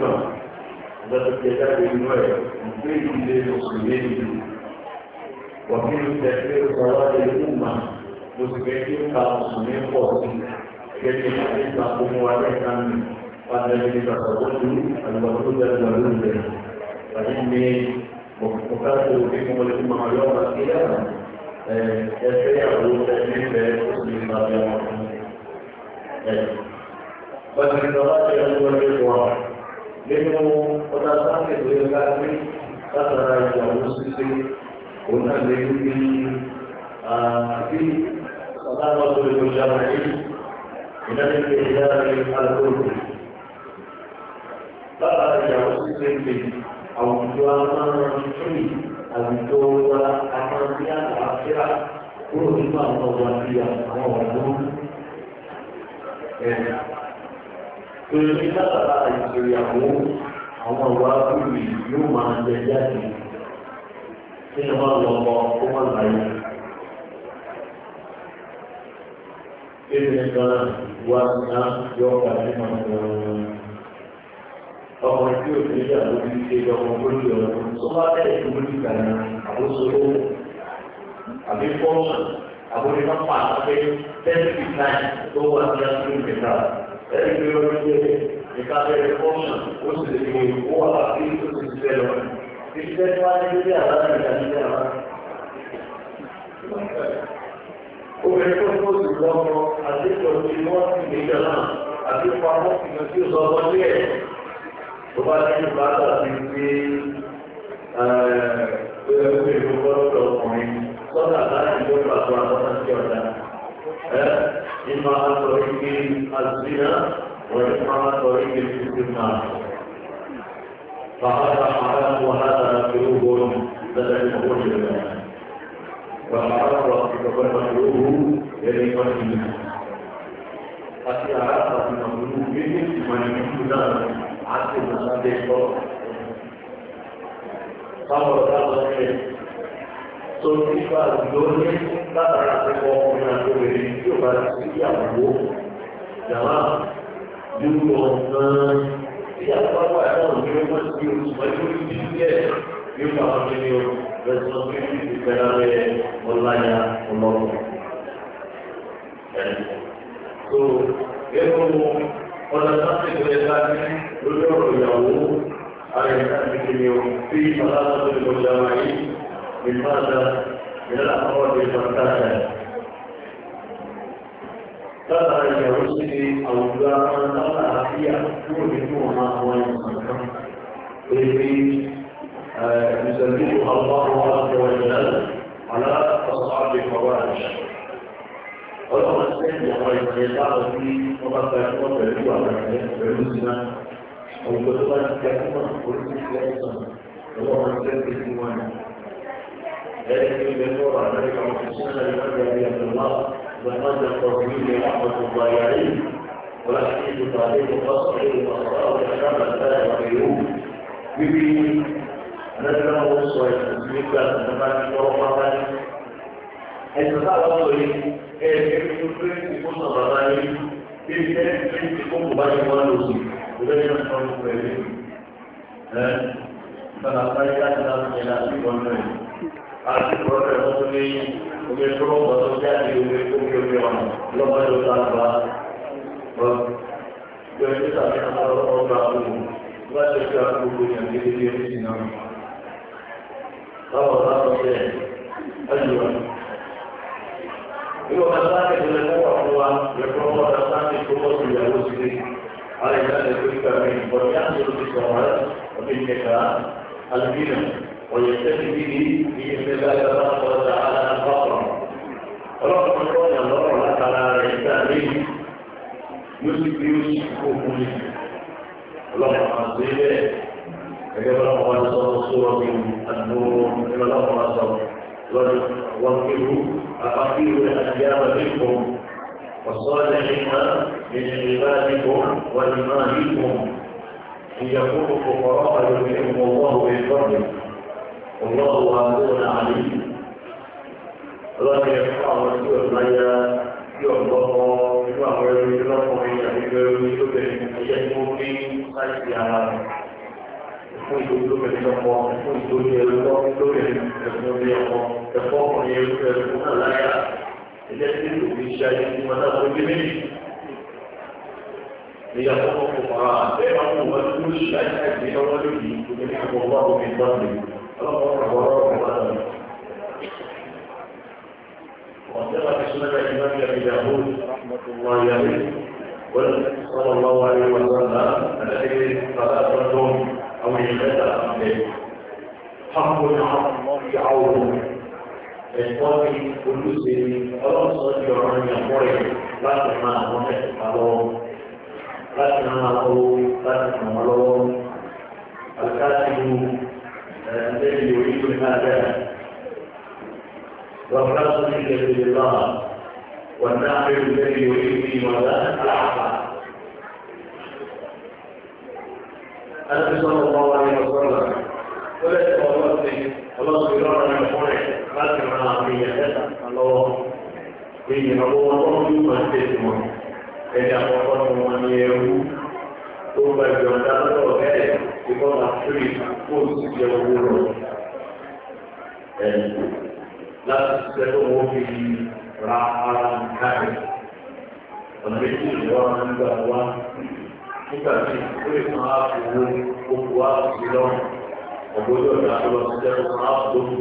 gẹ́gẹ́ bí ìgbà gbogbo wa lẹ́ẹ̀kan وأنا الذي تصورت الموجود المولود به فإني مكافئ بكم الأمة يوم القيامة يشفع تأمين بحسن القيامة ومن الدراسة هو الإخوة منه وتساقط للكافر قدر المسلم ونهزم في صداقة المجامعين من الانتهاء القلوب látara ìyàwó ṣíṣe pé àwùjọ amáhàn tìrì àwùjọ wa amáhàn àlàáfíà kúrò nínú àwọn ọmọ àti àwọn ọ̀dọ́ ẹ̀yà. Tòun ní látara ìṣòyàwó àwọn ọ̀wá kúrì yóò máa jẹ jáde kí ni wọ́n lọ mọ kó wọ́n láyé. Kí ni gan-an wá ná yọ ọ̀gá nínú ọ̀gá ọmọ tí o ti yà lórí ṣe ọmọ lórí ọmọ tó bá tẹ̀lé lórí ìgbàlá àkóso owó àbí fọ́ọ̀mù àbórí pápá àbẹ́ tẹ́lifí náà tó wà ní àtúntò ìgbà ẹ̀rí pé ó ti yẹ ìka bẹ̀rẹ̀ fọ́ọ̀mù ó sì lè fi owó wà sí ó sì ti bẹ̀rẹ̀ lọ. Ìṣẹ́ tí wọ́n á ní lórí àlàáfíà ìgbà nílẹ̀ àwọn. Obìnrin tó kó sì lọ́kọ àti ìtọ́jú wọn sì níjọ náà àti tó bá ní ìbára ti pé ẹgbẹ́ ìgbọ́dọ̀ ọkùnrin sọ́dà láti ló bá tó àtọ́nà sí ọ̀dà ẹ ìmọ̀ àtọ̀ igi àzìyá wọ́n ní máa àtọ̀ igi títí máa فهذا حرام وهذا مكروه بدل المقول لله وحرام وكبر مكروه يلي قتله أتي عرفة مكروه به من يكون ذلك àti ìmọ̀sáde kọ́. Báwo dábọ̀ ṣe tó nípa lóní látara àtẹ́kọ̀ọ́ ọkùnrin àti obìnrin tí ò bá sí ìyàwó jàmá nínú ọ̀sán tí àpapọ̀ àwọn òní ó mọ̀ sí oṣù mọ́jú ní díẹ̀ yóò máa ونستخدم لذلك بلور اليوم على ذلك اليوم في ثلاثة العلماء من ماذا من الأقوال الفتاة تضع اليوسف أو لا تضع فيها يوجد ما هو يمكن الذي يسلمها الله عز وجل على أصحاب الفواحش tẹ́lẹ̀ àwọn ìṣẹ̀lẹ̀ táwọn tí wọ́n bá gba ẹ̀kọ́ pẹ̀lú àwọn ìṣẹ̀lẹ̀ pẹ̀lú ìṣẹ̀lẹ̀ àwùjọ tó bá ti gba ẹ̀kọ́ oríṣiríṣi ẹ̀sán lọ́wọ́ wọn tẹ́ ti fún wọn. ẹ̀rẹ́ tí ó lè tó ọ̀rọ̀ àtàrí kan fún sọ́nà ìwádìí àbí àbúrò wọn jẹ́ kọ́ sí ilé àwọn tó gba ayà yìí wọ́n ti ṣe ìdùnnú àti ìdùnnú ọ̀sán ìdùnnú ọ̀sán ẹ̀ẹ́dẹ́gbẹ́ tó fẹ́ ìfọ́nà bàbá yìí bí ẹ̀ẹ́dẹ́gbẹ́ tó fọ́nà bàbá yìí wọ́n lò sí ìrẹ́lẹ́ ọ̀sán pẹ̀lú ẹ̀ bàbá báyìí láti láti ẹ̀dá sí ìbọnú ẹ̀ àti ìbọnú ẹ̀ wọ́n tún ní omi tó ń bọ̀ tó jáde omi omi omi ọ̀nà lọ́wọ́ ló ta gba ọ̀ yọ ní sàmì àwọn ọgbà ọ̀hún wọ́n ti fi àgbègbè yàn gẹ́gẹ́ bí ẹ̀ Io passate con la nuova le provo da tanti conosci la lucidità, alle grandi cristiane, vogliando lo discorrere, quindi al fine, voglio essere di lì, di essere da tanto da alla nostra. Allora come poi allora la cara realtà lì, music music comuni. Allora ma se è che però quando sono solo di annuro, e allora ma sono ونوكله أفقيروا الأيام منكم والصالحين من عبادكم وإيمانكم إن يكونوا فقراء يؤمنهم الله بالفضل والله غفور عليم الله يرفع رسول الله يعظم ìgbàwọ̀ ẹ̀rọ ìlọ́pọ̀ ìyàwó ìlóbìnrin ẹ̀yẹ́gbó ní sáìsì ara fún ìdókòlóbìnrin lọ́pọ̀ fún ìdókòlóbìnrin lọ́pọ̀ lóbìnrin ẹ̀gbọ́n ní ọkọ̀. ẹ̀fọ́ ọkùnrin yẹn lórí ẹ̀rọ náà láyà ẹ̀jẹ̀ tí kò fi ṣe ayé tí wọn náà wọ́n gbé méjì. ìyá fọ́nà kò fara àbẹ́ àwọn ọmọ tí ó ṣe ayé àìsí ọwọ́ lórí ìgbìmọ̀ ìgbìmọ̀ ọgbà omi ìgbàlè ọlọ́pàá صلى الله عليه وسلم الحديث ثلاثة أو يمتع حق عظيم ẹ̀kọ́ ní olùsè ní ọlọ́sọ̀ di ọ̀rọ̀ ní ọ̀pọ̀ rẹ̀ láti máa wọ́n mẹ́ta lọ́wọ́ láti máa wọ́ láti ràn wọ́n lọ́wọ́ àkáàtì mú ẹ̀ẹ́dẹ́gbẹ̀ orí tó ní àgbẹ̀ والرسول الذي الله والنعم الذي يريدني ولا أعفى النبي صلى الله عليه وسلم ولا تقولوا الله يرى من قريش láti ran àwọn èèyàn lẹ́tà kan lọ́wọ́ èèyàn lọ́wọ́ tó ń yí máa ṣe àkọ́kọ́ ni wọ́n ní ẹrú tó gba ìjọba lọ́wọ́ tí wọ́n máa fúri kó o sì jẹ owó lọ. láti ṣiṣẹ́ tó wọ́n fi ra nígbà tí ó lè máa fi owó gbogbo wa sí lọ́rùn ọ̀gbọ́dọ̀ ìdásọ́lọ́sí jẹ́ tó máa ń gbóògùn.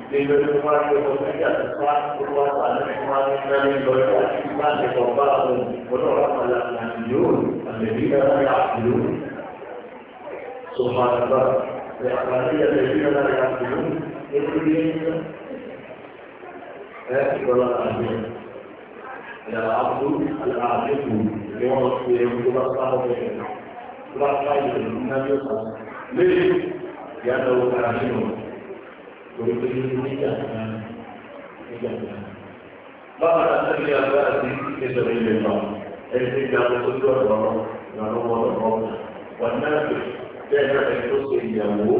لأنه يقال لقومك أتصال قوة على الإخوان الثاني والإخوان لقومهم ونعرف الأمنيون الذين لا يعقلون سبحان الله الأخبارية الذين لا يعقلون يقولون هذه ولا الأمنيون العبد العاقل يوم يوم تصاحب لا خير من يصل ليه؟ لأنه كريم torí pé nígbà kan nígbà kan. bákan náà sẹ́yìn ní abúlé àti ìṣẹ̀lẹ̀ ilẹ̀ náà ẹni tí ìjà lọ sójú ọ̀dọ̀ ọ̀rọ̀ ìrànlọ́ ọ̀dọ̀ ọ̀rọ̀ wọn náà fi bẹ́ẹ̀ náà ẹni tó ṣe ìyàwó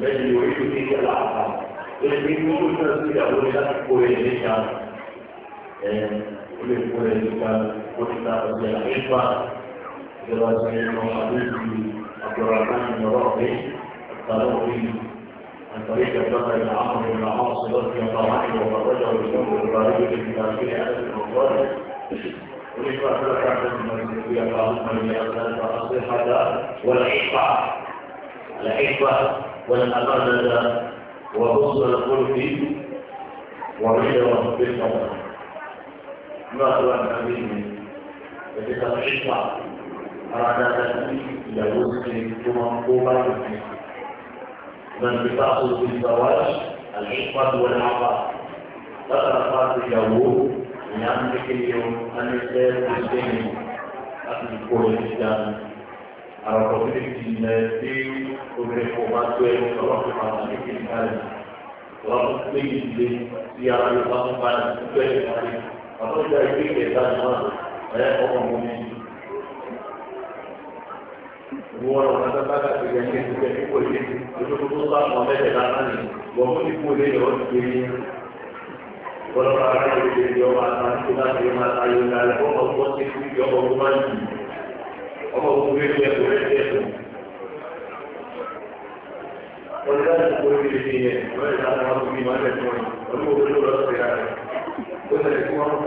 lẹ́yìn orí tó ní ìyàlá àpá èmi ní ojú náà ọ̀rọ̀ ọ̀gbẹ́ àtàwọn òbí عن طريق الجبر بن عمرو بن عاص رضي الله عنه وخرجه الامام البخاري في تاريخ اهل الانصار وذكر ثلاث عبد المسلمية اللهم اني اسالك الصحة والعفة العفة والأمانة وحسن الخلق في بالقدر ما هو الأمين ketika kita ada nanti tidak mungkin cuma kuat ما في الزواج الحفظ والعطاء ذكر اليوم اليهود يملك اليوم أن يصير مسلم أكل كل الإسلام أرى في الناسي وبرحوا باتوين ورحوا عليك الحالة ورحوا في سيارة يطلق على السبيل الحالي أقول لك كيف هذا ويقوم بمجد ìwọ lọ wọn bá bá ti yẹ kí ẹ ti kò yé ojú tó sá àwọn mẹ́tẹ̀ lánàá ni wọn kò ní kó lé lọ sí i ní ọlọ́pàá ara yóò lè di ọmọ àtàwọn tó bá ti máa ta yóò lálẹ́ ọmọ ọgbọ ti kú ìdí ọmọ ọgbọ máa ń yìí ọmọ ọgbọ wíwí ẹ̀kọ́ rẹ̀ ti ẹ̀kọ́. ọlọ́pàá ti kó lé lé yẹ wọn lè ta àwọn ọmọ mi máa lẹ fún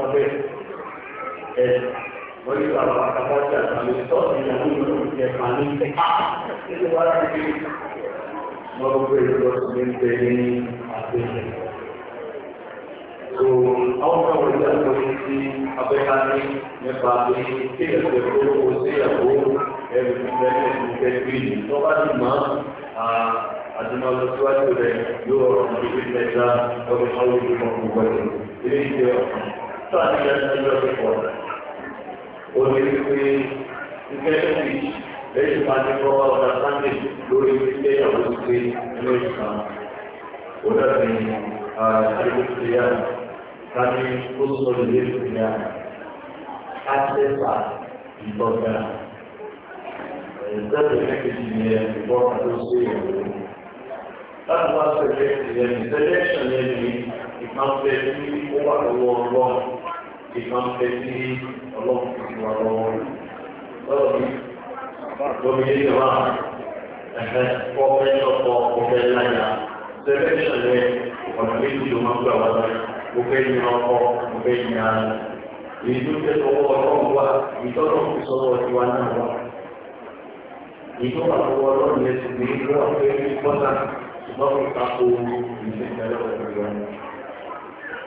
ọ rẹ̀ orí ọ̀rọ̀ àkàkọ́jà àmì tọ́sí ìyàwó ìlú ìjẹ pàmí nínú wàrà níbi mọ gbogbo ìlú ọ̀sùn ní bẹ ní àgbẹ̀jẹ̀. So àwọn ọmọ ìlú àgbọ̀ ní ti abẹ́ká ní nípa pé kí ẹ̀sẹ̀ tó o sí ìyàwó ẹ̀rù ìfẹ́ ẹ̀sùn ìfẹ́ bí i tó bá ti mọ́ àdìmọ́lọ síwájú rẹ̀ yóò rọrùn ní ìfẹ́ ìlà ọ̀rọ̀ ìfọwọ́ ìlú ọ̀gbọ̀n ilé ìfẹ́ ọ̀sán. Tó àti ìyá ó lè pé iṣẹ́ ti lẹ́yìn bá ti kọ́ ọ̀dà sáńdé lórí iṣẹ́ ìyàwó ti pé inú ìgbà ó dàbí àdéhùn ti yá sáńdé ó sọ ìlú ìlú yá àtẹ́fà ìtọ́jà ìtọ́jà kẹ́kẹ́jì yẹn ìbọn àtúnṣe ìyàwó. That was the rejection, and the rejection is not that we overcome our wrong ìkan fẹ́ sí ọlọ́run ti wà lọ́wọ́ lọ́wọ́ mi lómi ní ìwà ọ̀fẹ́ ọkọ̀ ọ̀fẹ́ láyà sẹ́fẹ́ṣẹ̀ rẹ ọ̀nà méjì ló máa ń gbà wá láyà mo fẹ́ yin ọkọ̀ mo fẹ́ yin ara èyí tó fẹ́ sọ́wọ́ ọlọ́run wá ìtọ́nà fi ṣùgbọ́n kò ká kó ìṣẹ̀lẹ̀ ọ̀rọ̀ ìgbà náà.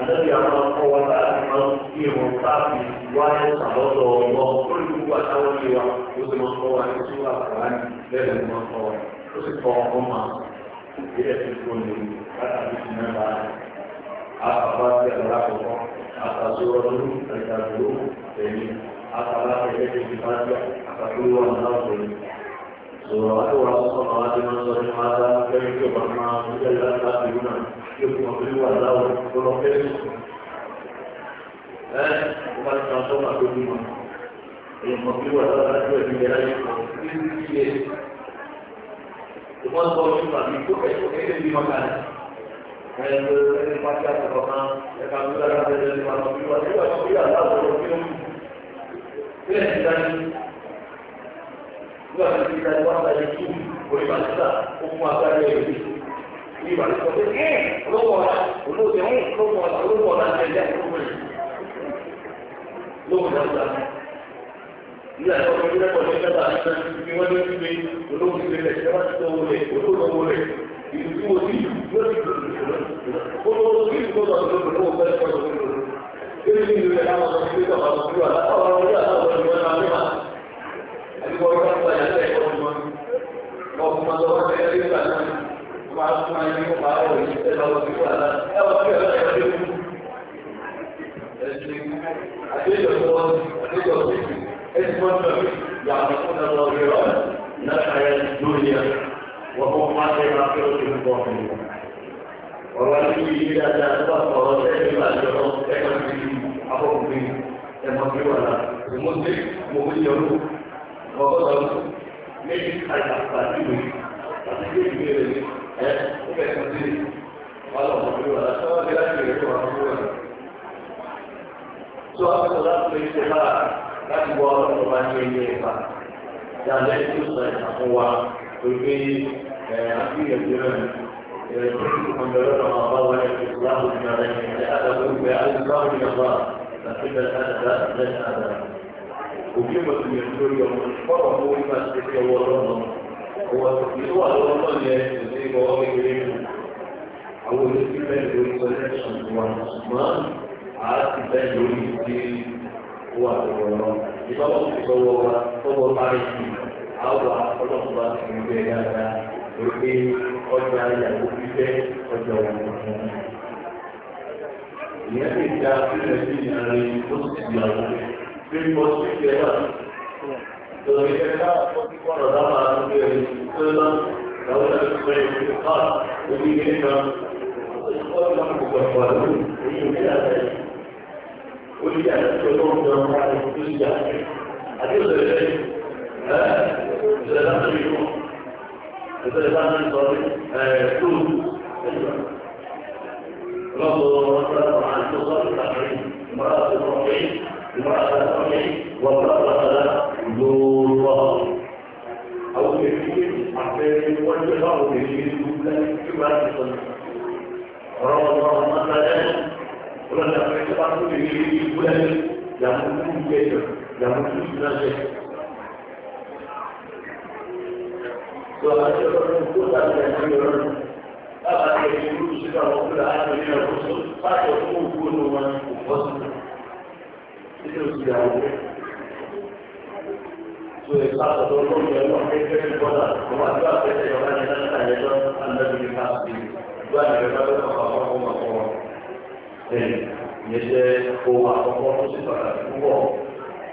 àtàbí àwọn ọkọ wa bá ti máa ń fi ìwọ̀n káàpì wá ẹ̀sà lọ́dọ̀ ọ̀wọ́ lórí gbogbo àtàwọn ilé wa ó sì máa ń kọ́ wa ní sí wà kàrá ní bẹ́ẹ̀ ló máa ń kọ́ wa ó sì kọ́ ọkọ máa ilé ti kó lè látàbí ti náà bá àbàbà sí àbàlá kọ̀ọ̀kan àtàzó ọdún àtàzó ẹ̀yìn àbàlá ẹ̀yẹ́ ti bá jẹ́ àtàzó wà láwùjọ ni. sọ̀rọ̀ wá tó wà sọ́kọ̀ yóò fún wọn pé wà láwọ lọ́lọ́ fẹ́ sùn ẹ́ wọ́n bá o sàn tó máa tóbi mọ́ èyí mọ̀ pé wà láwọ láti ẹ̀mí yẹn láyé kọ́ títí yẹ ìmọ̀ sọ fún wa bí tó kẹ́kọ̀ọ́ kékeré bí wọ́n kàn ẹ̀ ẹ̀ ẹni pàṣẹ àtọ̀kọ̀ kan ẹ̀ka tó dára bẹ́ẹ̀ ní wà lọ́wọ́ bí wà láwọ bí wà láwọ lọ́wọ́ bí wọ́n kù ilẹ̀ ti dání bí wà lọ́wọ́ bí wà láwọ ní ìbàdí sọ pé ẹ lọ́wọ́ ọ̀la olóòtú ẹ̀ ń ọ̀la olóòtú ọ̀la ẹ̀ jẹ́ àkókò rẹ̀ ọ̀la ọ̀la. Ilé ẹ̀kọ́ mi رجل رجل عن تصل تحريم امرأة رجعي امرأة رجعي والرجل لا دون الله أو تشكيل عبير والجهر تشكيل كل كما تصل رمضان مثلا ولا تحريم تشكيل كل يمكن كيف يمكن نجح nínú wọn kò bọ́ sínú títí oṣù ìyàwó tó lè bá àtọ̀tọ̀ olóògbé ọlọ́run kékeré bọ́dà tó wà tó àfẹ́sẹ̀ ọ̀rá ní sáńtà ẹ̀jọ́ àlọ́bìnrin káàkiri tó àyẹ̀wò lábẹ́ ọ̀pọ̀ àwọn ọmọ ọmọ ẹ̀yìn ìyẹn jẹ́ ohun àkọ́kọ́ tó sì pàtàkì púpọ̀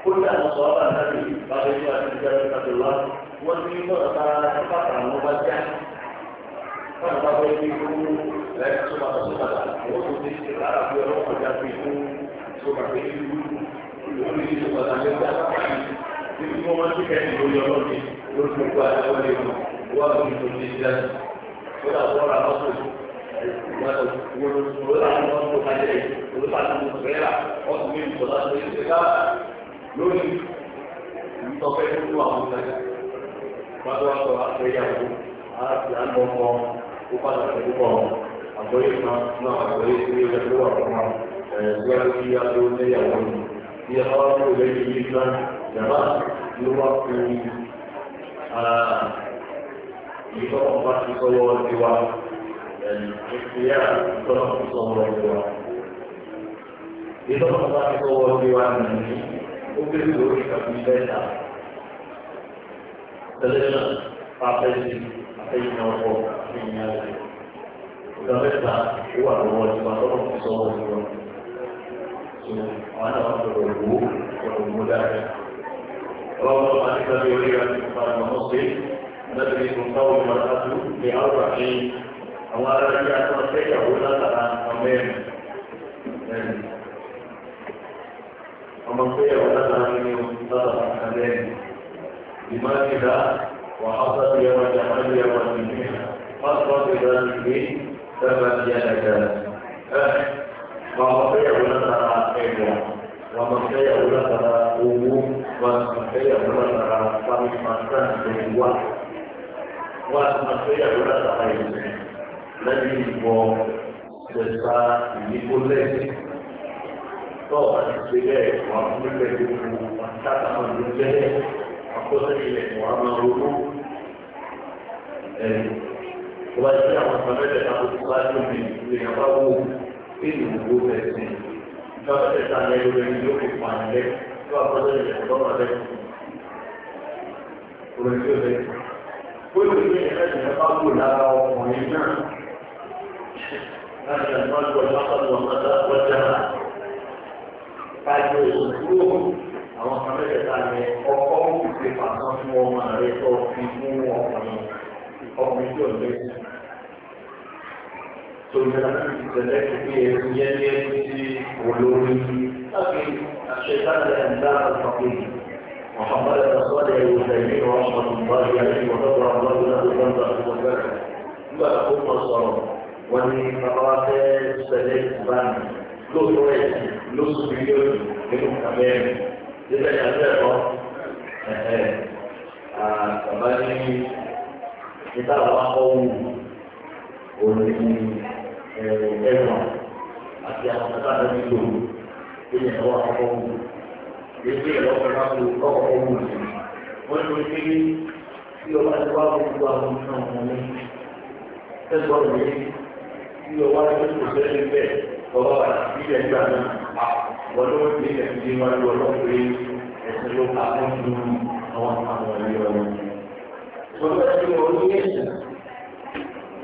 kódà àwọn sọ̀rọ̀ bá nàbì bàbá ìlú àti ìjọba ìtàkùn lọ wọ́n ti ń bọ̀ lẹ́yìn tó bá tó bá àwọn tó ti ṣe lára bí ọlọ́run ọjà pé fún tó bá ìlú ìlú ní ìlú bàtà lé bá pàdé títí wọn wọn ti kẹ́yìn lórí ọlọ́run lórí gbogbo àdáwọ̀ lè mú wọn àwọn ìlú ti dá wọn àwọn ọ̀rọ̀ àwọn tó wọn wọn àwọn ọ̀rọ̀ tó kájẹ wọn bá tó tó fẹ́ rà wọn tún ní ìbọ̀dá tó ti ká lórí ìtọ́fẹ́ fún àwọn ìtajà wọn tó wá sọ àpẹyàwó àti àgbọ̀ngàn ó padà pẹ̀lú bọ̀ọ̀ àgbọ́yé kan náà àgbọ́yé tí ó yẹ kó wà fún wa ẹ̀ẹ́dẹ́gbẹ́ kí á tó léyàwó ni bí ẹ bá tó lẹ́yìn yìí ká yàrá ló wá fún ìtọ́kọ̀ bá ti sọ́wọ́ ti wa ìfìyà ìtọ́kọ̀ ti sọ́wọ́ ti wa ìtọ́kọ̀ bá ti sọ́wọ́ ti wa nìyí ó kéde lórí ìtàkùn ìbẹ́ta tẹ́lẹ̀ ìgbà mẹ́ta ó wà lọ́wọ́ ìgbà tọ́lọ̀ ti sọ ọ́ ìgbà tó àwọn náà wọ́n tọrọ òwò ọ̀rọ̀ òwò dáadáa. ọlọ́wọ́ máa ní sábẹ́ orí rẹ̀ ti fa àwọn ọmọ pé lábẹ́ ní kò táwọn ìgbà tábù ní àwọn àti àwọn ará ilé àtọ́ sẹ́yàwó látara ọmọ ẹ̀ ọmọ sẹ́yàwó látara nínú látara ọmọ ẹ̀ لماذا وحصل يوم جمال يوم الدنيا فاصبر بذلك 这个世界的人，呃，我们没有任何的黑幕，我们没有任何的污污，我们没有任何的脏脏脏的污污，我们没有任何的污污，那你我身上一不累，做我们这个黄金的衣服，加上我们这些，我们这些黄毛衣服，哎。wá sí àwọn ọmọ mẹ́tẹ̀ náà tó bá tó mi lè yàn bá wò ó kí ni mo gbó bẹ́ẹ̀ sí ìjọ mẹ́tẹ̀ náà lẹ́yìn lórí yóò fi pa nílẹ̀ tó àkọsẹ́ ìjẹ̀ lọ́wọ́ rẹ̀ orin tó lẹ̀ ó lè gbé ẹ̀rẹ́ ìjọba wò lára ọkùnrin náà láti ẹ̀fọ́ gbọ́ lọ́kọ̀tù ọ̀kọ̀tà ọjà kájọ òkúrò àwọn تولدنا ذلك بيدية ولوه أبي الشيطان الأنباء الفقير وحمل الأصوات الوزيين ورحمة الله عليه وغفر الله له ذنبه وذكره وأقوم الصلاة والمرات سليت بان لوس ريس لوس بيوت منهم كمان إذا كان ذلك Àbáyé ní ìtàlá wá kọ́ wù ó ní ẹ̀wọ̀n àti àwọn kàtà náà ní lò ní ẹ̀rọ àkọ́kọ́ wù. Èdè ẹ̀rọ kàtà tó kọ́kọ́ wù sí. Wọ́n ní pé kí ọba ti wá gbogbo àwọn nǹkan wọn ní. Ẹ̀gbọ́n mi kí ọba ti tó sẹ́yìn bẹ́ẹ̀ ọba wà sí ẹgbẹ́ àná. Wọ́n ló ń gbé ẹ̀sìn ní wájú ọlọ́pẹ́ ẹ̀sìn ló ká fún ju àwọn àwọn ẹ̀yọ wọn. Ìgbọ́dọ̀ ẹ̀sìn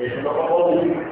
ẹ̀sìn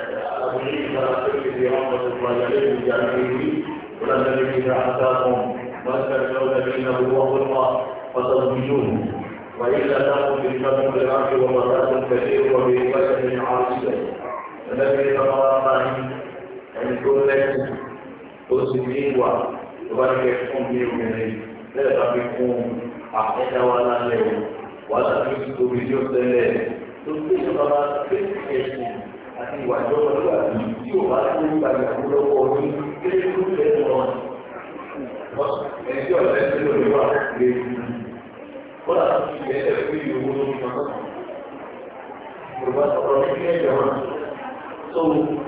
أخيك أخيك برحمة الظالمين جميعه ولن الذي عساكم وأستغفر الذين هو غرقا فتضمجوه وإلا تقم بالكم بالأرض ومرات كثير وبفتح عاصفة الذي تقرأ من كل أسلم وبركتكم بيومين لا تقفكم أحد ولا ليوم ولا تفسدوا بجهد الله تفسدوا بجهد الله àti ìwà ìjọba ìwà tí ò bá tó ń gbàgbé àwùjọpọ̀ ní kéde tó fẹ́ wọn. ẹni tí ọ̀sẹ̀ ti lò níwà lè kọ́lá tó ti yẹ ẹ̀sẹ̀ fún ìlú owó lórí wọn. Yorùbá sọ̀rọ̀ ní ilé ẹ̀jọ̀ wọn. tó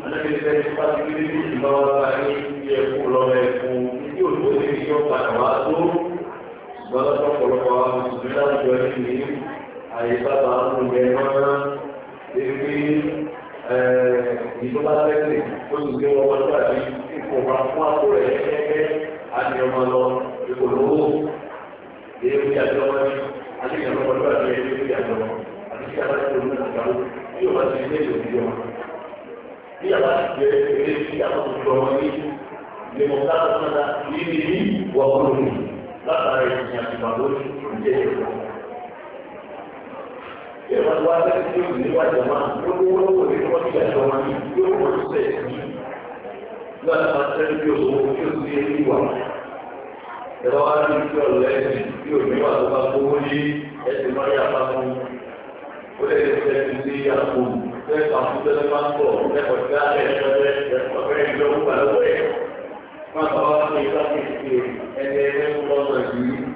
ẹlẹ́gbẹ̀ẹ́ tí wọ́n ti fi lé ní ìlọ́wọ́ bá ní ilé ẹ̀kú lọ́wọ́ ẹ̀kú tí òṣèlú ti fi yọ padà wá tó ṣùgbọ́n lọ́pọ̀lọpọ̀ àwọn mùsùlùmí láwùjọ ìjọba lẹ́sìn oṣù tí wọ́n wọ́n nígbà tí ipò bá fún àpò rẹ̀ yẹ́kẹ́kẹ́ àti ọmọ lọ ìpolówó èyí fi àjọ wọn ni àti ìyàwó wọn nígbà tí èyí fi àjọ wọn àti kí àbá ìpolówó náà gbà ó bí ọba ti ilé ìlú ìjọ wọn. bí àbá ti jẹ eré tí àbá tó jọ wọn ní ni mo ká lọ́sọ̀dá yìí ni wọ́n kúrò ní látàrí ìyàtìmọ̀ lórí ìjẹ́ ìjọba ẹ̀rọ wa bẹ́ẹ̀ tí yóò ní wájú ọmọ yóò wọ́n wọ́n ní wọ́n ti yàtọ̀ ọmọ yóò wọ́n ti sẹ̀ lọ́dọ̀ máa tẹ́lẹ̀ bí òwò yóò ti yé ní wà. ẹ̀rọ wa ní ti ọ̀lẹ́ yóò ní wà tó bá gbówó yí ẹ̀sìn máa yà bá fún ó lè ṣe ti sí àpò lẹ́ka fún máa ń bọ̀ lẹ́kọ̀ọ́ sí alẹ́ ẹ̀ṣọ́lẹ́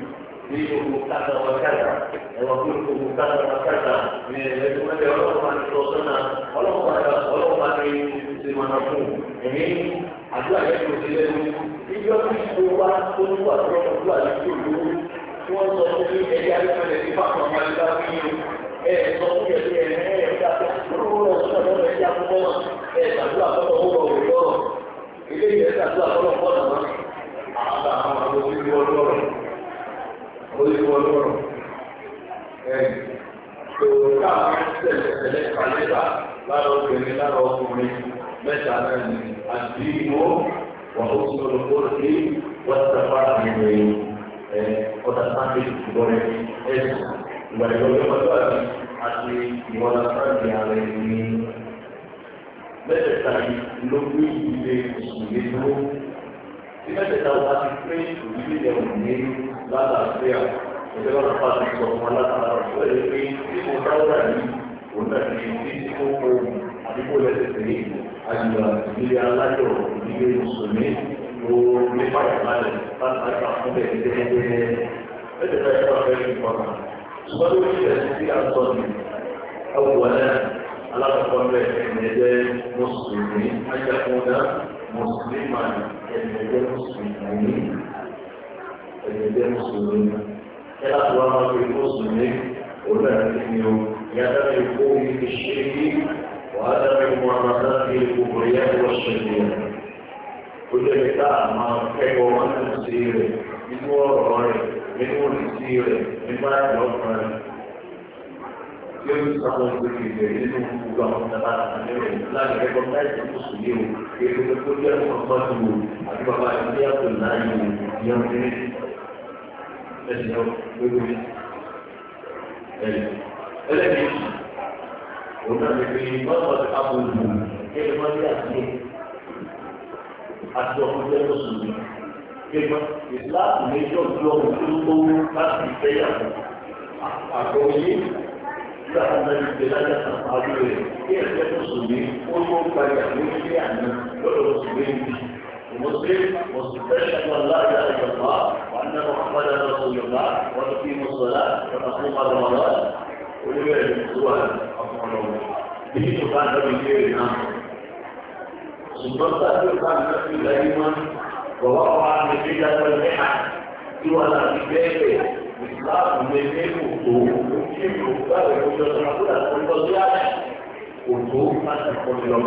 ريشه كذا وكذا وكله كذا وكذا من يجمع ولو ما نتوصلنا ولو ما ولو ما نسمع نقول يعني àdúrà yẹn tó ti lẹ́nu ibi ọdún ìṣòro wa tó ń wà tó ń wà lójú òru tí wọ́n sọ fún mi ẹ̀yà ìfẹ́lẹ̀ nípa àwọn ọmọdé bá fi yín ẹ̀ sọ fún yẹn bí ẹ̀ ẹ̀ ẹ̀ dá lọ́wọ́ lọ sí ọ̀dọ́ ẹ̀ yá fún bọ́ọ̀ ẹ̀ ṣàdúrà fọ́nà owó lọ òwe lọ́rọ̀ ilé ìyẹn ṣàdúrà fọ́nà fọ́nà wọn àbá àwọn àwọn olùdíwọ́ lọ́rọ̀ oríwọ́ lọ́rọ̀ ẹ̀ tó káà tẹ̀lẹ̀tẹ̀lẹ̀ kàlẹ́bà lára obìnrin lára ọkùnrin mẹ́ta náà ni àti ìwọ́ wà ó sì lọ kó sí wọ́n ti tàpá àgbègbè ẹ̀ ọ̀dà sáńdé ìbọ̀rẹ̀ ẹ̀sùn ìgbà ìgbàlódé ọjọ́ àti àti ìwọ́dà sáńdé ààrẹ ni mẹ́tẹ̀ẹ̀ta yìí ló gbé ìdílé ìṣòwò ဒီမဲ့တော့ဘာဖြစ်ဖြစ်ဒီလိုမျိုးလာတာပြရဒီလိုတော့ပါတယ်ဆိုမှလာတာတော့ဆိုရင်ဒီကိုတော့တယ်ဘုန်းတော်ကြီးဒီကိုအဒီကိုလည်းသိနေအဒီကဒီရလာတော့ဒီလိုဆိုနေလို့မပါတယ်လားတာတာဟုတ်တယ်ဒီလိုပဲအဲ့ဒါကတော့ပြန်ပြန်ပါဆိုလို့ရှိရင်ဒီအဆောင်း أولا alákọ̀ọ́kọ́ bẹ́ẹ̀ ẹ̀mí jẹ́ mùsùlùmí ajakúndà mùsùlùmá ẹ̀mí jẹ́ mùsùlùmí ẹ̀mí jẹ́ mùsùlùmí yálà tó wà máa fi mùsùlùmí olùdarí ni o yàtọ̀ ní kó omi fi ṣe yí wàá dábẹ́ ìmọ̀ àmàtà ní gbogbo ìyá ìwọ ṣẹlẹ̀ o jẹ́ mi tá a máa kẹ́kọ̀ọ́ wọn nínú sí rẹ̀ nínú ọ̀rọ̀ rẹ̀ nínú òdìsí rẹ̀ nígbà ìlọ́kùnrin yóò ní sọ́kọ̀ ìgbèrè ìgbèrè nínú gbogbo àwọn ìjọba àtàlẹ́rẹ̀ láti ẹgbẹ́ báyìí tó sùn yé o èyí tó tó jẹ́ ọgbọ́n tó wò àti bàbá ìdílé àtò náà yìí ní ọdún ẹ̀sìn lọ gbogbo ẹ̀yìn. ẹlẹ́gbẹ̀ẹ́sì òun náà lè fi bọ́ọ̀lù àbòjù kéde wọ́n dé àti àti ọkùnrin jẹ́ tó sùn kéde ìsìláàmù méjì ọ̀dọ́ لأن البلاد كيف هي المسلمين والمنفرد هي أن كل المسلمين المسلم مسلم تشهد أن لا إله إلا الله وأن محمدا رسول الله وتقيم الصلاة وتصوم رمضان ولبيع الزواج أفعلهم به سبحان ربي ثم تأتي عن نفسي دائما ووقع عن البدع والمحن سوى لا Islam menjadi utuh, mungkin juga berkumpul dengan pula berkumpul dengan utuh masih berkumpul.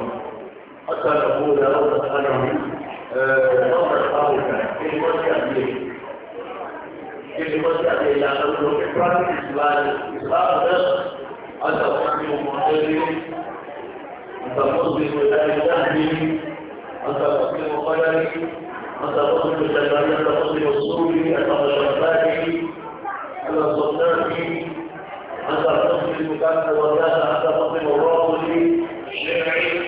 Asal aku dalam masalah ini, nomor tahu kan, ini masih ada. Ini masih ada yang perlu dipelajari Islam. Islam adalah ada orang yang menjadi أنت مسلم لله تهدي أنت مسلم قدري أنت مسلم الجبري أنت مسلم السوري أنت مشرفاتي كما صرنا به أنت تصل المكافأة والناس أنت تصل الراس الشرعي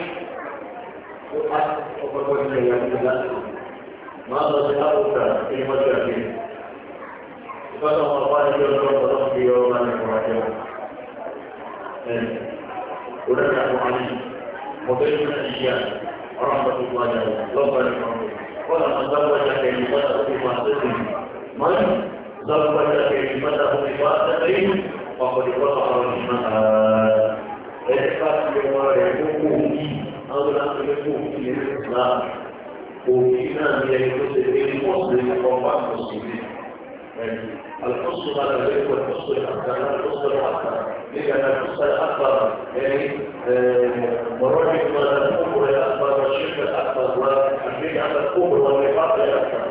يحقق وقد يعني ماذا ذكرت في مجالك فتح الله جل ربي يوما راجعا ونفع عليه مضيف الأشياء أكثر لأن الأستاذ أكبر يعني مراجع الأمور الأكبر والشركة الأكبر والحمدين على الكبر والنقاط الأكبر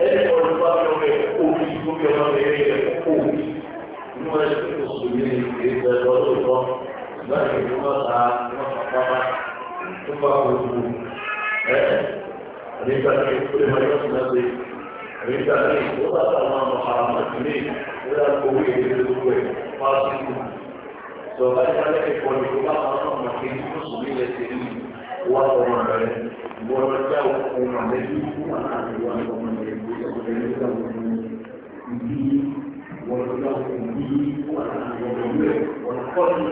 أنا أرضى يومين أولي كل يوم يومين أولي إنه يجب أن يصبحين إذا الوظيفة ما هي المسعى المحطمة ثم أولي ريبا كل ما يصنع ريبا كل ما يصنع محرمات منه ìlà owó èdè lówó ẹ̀ máa tún kù. Sọ̀rọ̀ àti alẹ́ ẹ̀kọ́ ni wọ́n máa ń mọ̀ kí ní oṣù nílẹ̀ ṣe ní wọ́n ọmọ rẹ̀. Ìwọ́n lọ já òkun àlejò fún àárín wọn ọmọ rẹ̀ ìgbésẹ̀ nígbà wọn ní ìwọ́n lọ já òkun ní fún àárín wọn rẹ̀ ọ̀nà kọ́ni.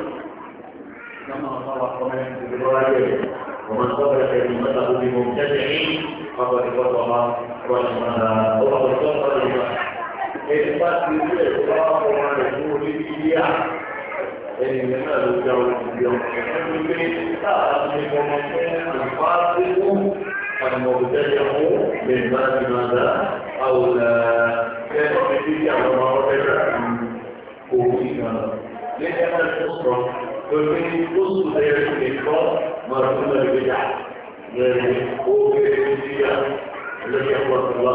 كما قال قرآن في الرواية ومن قبل كلمته بمبتدع فقد قضى وإنما وقد قضى nípa ti ilé ìwà ọmọ rẹ̀ ní orí yíyá ẹni nígbà ló jẹ òkùnkùn yọ nítorí táà ní ọmọ fún àǹfà síkú àmọ̀tẹ́lẹ̀ fún lèmọ́ ìmọ̀dá àwòlà ẹ̀kọ́ ti fi àwọn ọmọ ọ̀rẹ́ rẹ̀ kò ìgbà lẹ́yìn ẹ̀ka tó sọ lórí tó sùn lẹ́yìn nìkan màdúrà ìgbéjà lẹ́yìn ó kéré sí ìyá lórí ẹ̀kọ́ tó wà.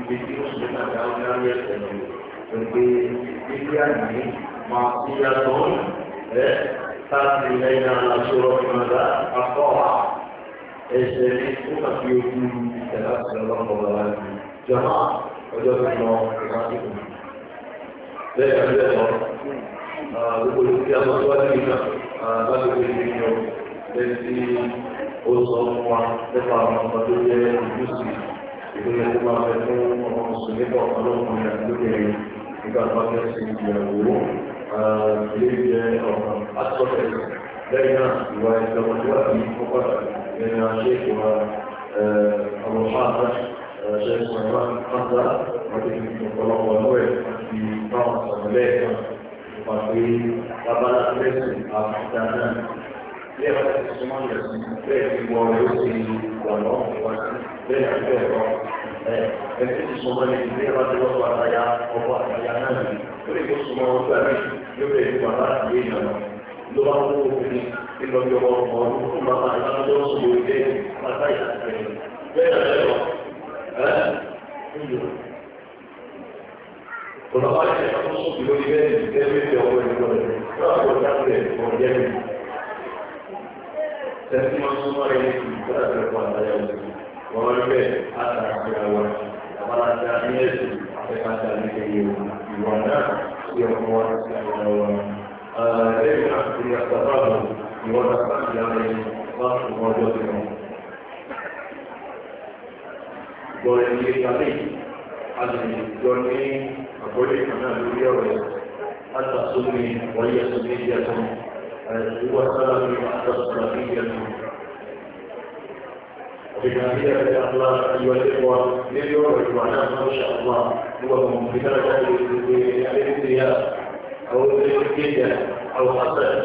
ibi tí ó ṣe náà dáwọ́ dáwọ́ ẹ̀sẹ̀ lọ pẹ̀lú ilé àmì máa fi yàtọ̀ ẹ̀ láti lẹ́yìn aláṣọ́rọ̀ ìmọ̀dá akọ́wà ẹ̀sẹ̀ ní ó kà fi ojú ìtẹ̀lá sílẹ̀ lọ́kọ̀ọ́ láti jọmọ́ ọjọ́ tó lọ ìrántí bẹ́ẹ̀ ni bẹ́ẹ̀ lọ gbogbo ìlú tí a sọ síwájú yìí náà láti fi ṣe ìyọ lẹ́yìn ó sọ fún wa nípa àwọn ọmọdé ìgbéyà tó máa fẹ́ fún ọmọ mùsùlùmí bọ̀ ọlọ́kùnrin àdúgbìnrin nígbà tó fẹ́ sí ìyàwó ilé jẹ ọ̀ràn asọ́fẹ́ lẹ́yìn náà ìwà ìjọmọdéwàbí kọ́kọ́ lẹ́yìn àṣẹ ìwà ọmọ fáta ṣe ìwà fáta wọ́n ti fi ọ̀pọ̀lọpọ̀ lọ́wọ́ ẹ̀ àti báwọn sọ̀rọ̀ lẹ́ẹ̀kan pàpé bẹ́ẹ̀ bá ti súnmọ́ yẹn sí bẹ́ẹ̀ ti wọ ọ̀rẹ́ ó sì wọ̀nà wá sí bẹ́ẹ̀ àti bẹ́ẹ̀ lọ. ẹ ẹ ti ti súnmọ́ yẹn bẹ́ẹ̀ bá o lọ́kọ̀ àtàyà ọkọ̀ àtàyà náà ni ó lè tó súnmọ́ wọn gbà mí yóò bẹ̀rẹ̀ ní wàhálà àti èèyàn lọ. ló bá wọ́n obìnrin tí lọ yọ ọmọ ọdún fún bàbá àtàlọ́ sùn lóde bàbá ìtàkùn bẹ́ẹ̀ bẹ́ẹ̀ lọ. Kalau ada yang masuk di luar ini, dia mesti orang yang boleh. Kalau ada yang boleh, orang yang tẹ̀sí wọn tó sọ̀rọ̀ yìí kì í kó láti ẹ̀kọ́ àtàyà wọn. Wọ́n rí bẹ́ẹ̀ àtàkì àwọn àbálàtà ní ẹ̀sìn àfẹ́kàtà ní kéye ìwà náà sí ọkọ̀ wọn sí àwọn ọ̀rọ̀. Lẹ́yìn náà ti yà sábà lọ ìwọ́n náà sábà yà lẹ́yìn láti wọ́n ọjọ́ sí wọn. Gbọ̀rẹ̀ ní ìpàdé àlejò ní àgbọ̀lé kan náà lórí ọ̀rọ̀ àtàsómi wọ́n yẹ هو سلبي بعد السلبية وبهذه الله أيها الإخوة اليوم معناها إن شاء الله هو في بداية الانتهاء أو الجدة أو حسن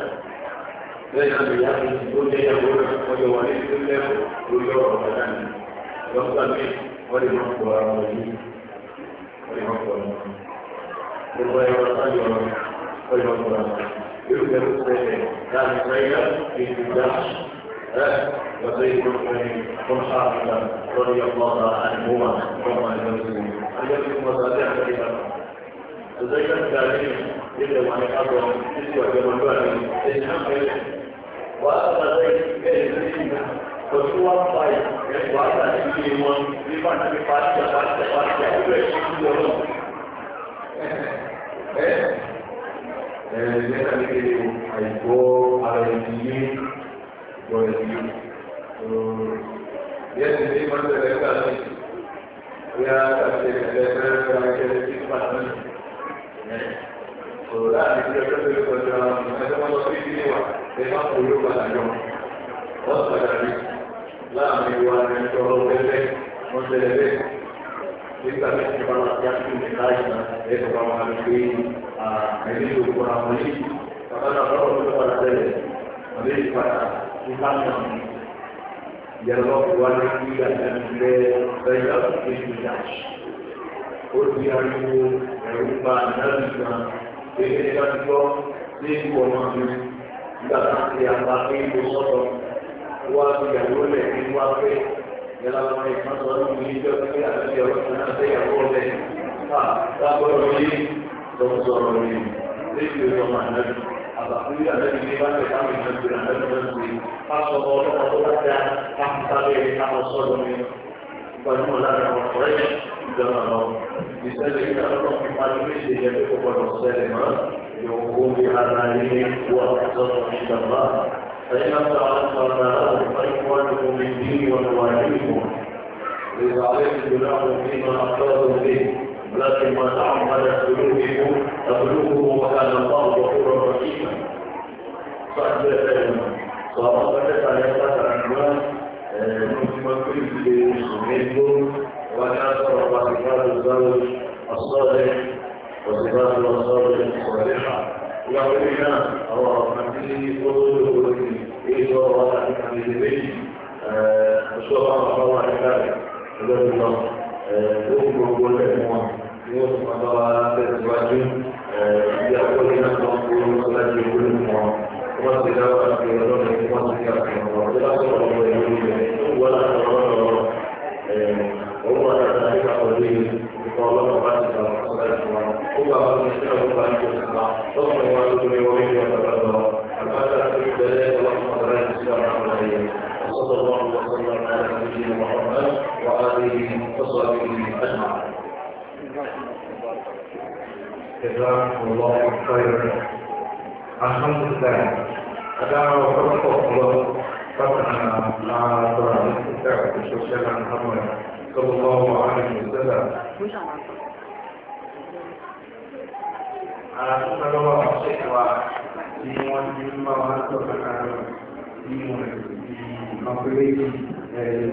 ليس بيعني كل يقول وجوانب كل يقول مثلا يفضل به ولمن هو ولمن هو ولمن هو ولمن هو يذكر السيد كان زيد بن جحش وزيد بن حارثة رضي الله عنهما وما يزيدون أن يكون مصالح كلمة تذكر ذلك جدا وعن الأرض تسوى جمال وأما ذلك كان Òṣùwà báyìí ẹ̀kọ́ àtàlẹ́ ilé wọn nípa níbi pàṣẹ pàṣẹ pàṣẹ ìlú ẹ̀ṣin lọ́wọ́ lẹ́tà kékeré o àìgbọ́ ara ẹni yé ìgbọ́ ẹni yé yẹ́nì ní máa ń tẹ̀lé ká ní ìyá àti ẹ̀kẹ́ fẹ́rẹ́fẹ́ akẹ́rẹ́ tí pa náà sọ̀rọ̀ láti fi ọjọ́ tó lè kọjá ẹgbẹ́ wọn lọ sí ilé wa ẹ má kó yóò padà jọ wọ́n padà rí láàrin wa ní ọ̀rọ̀ ẹgbẹ́ wọn nígbà tí ìjọba náà ti àti ìdílé láàyè náà ẹ̀sọ̀ bá wọn àti pé ẹ̀rí ló kó àwọn yìí bàbá náà lọ́wọ́ tó padà tẹ̀lẹ̀ ọ̀lẹ́ ìpadà ní káàmù ìyẹ̀rọ ìwádìí kí àtẹnudẹ bẹ́ẹ̀ àti إذا لم أن يكون هذا يقول لي تقول أن يكون سالما فإن التعلق والمعرض فإخوانكم من دين ونواجهكم إذا عليك فيما أخذوا به لكن ما تعمل سلوككم تبلغه وكان الله غفورا رحيما صاحب الكلمة صاحبك على الأعمال آه، مسلم كل مسلمين وكان صرف صفات الزوج الصالح وصفات الصالح الصالحه ìyàwó ilé náà àwọn ọ̀nà tí ó lówó lórí èso ọ̀rọ̀ àti àlejò méjì oṣù ọba ọba wà nígbà rẹ̀ lórí lọ lórí gbogbo lẹ́nu wọn ni ó sì máa bá tẹ̀síwájú ìdí àkọlé náà tó ń kúrò lọ́sọ̀lájú ìwúlò wọn wọ́n ti dáwọ́ àti ọlọ́run wọ́n ti ní àtìmọ̀ ọ̀rọ̀ tó bá sọ̀rọ̀ ọ̀rọ̀ ìlú rẹ̀ wọ́n láti ọ̀rọ̀ تصل وعلمني وبه وتبرر فقال في البداية والحضرات السلام عليكم وصلى الله وسلم على نبينا محمد وآله وصحبه أجمعين جزاكم الله خيرا الحمد لله أدعو ربكم الله ربنا لا ترى السلام عليكم صلى الله عليه وسلم a sarrafa a cewa ni wani yi ma wani tsoron a yi wani makulai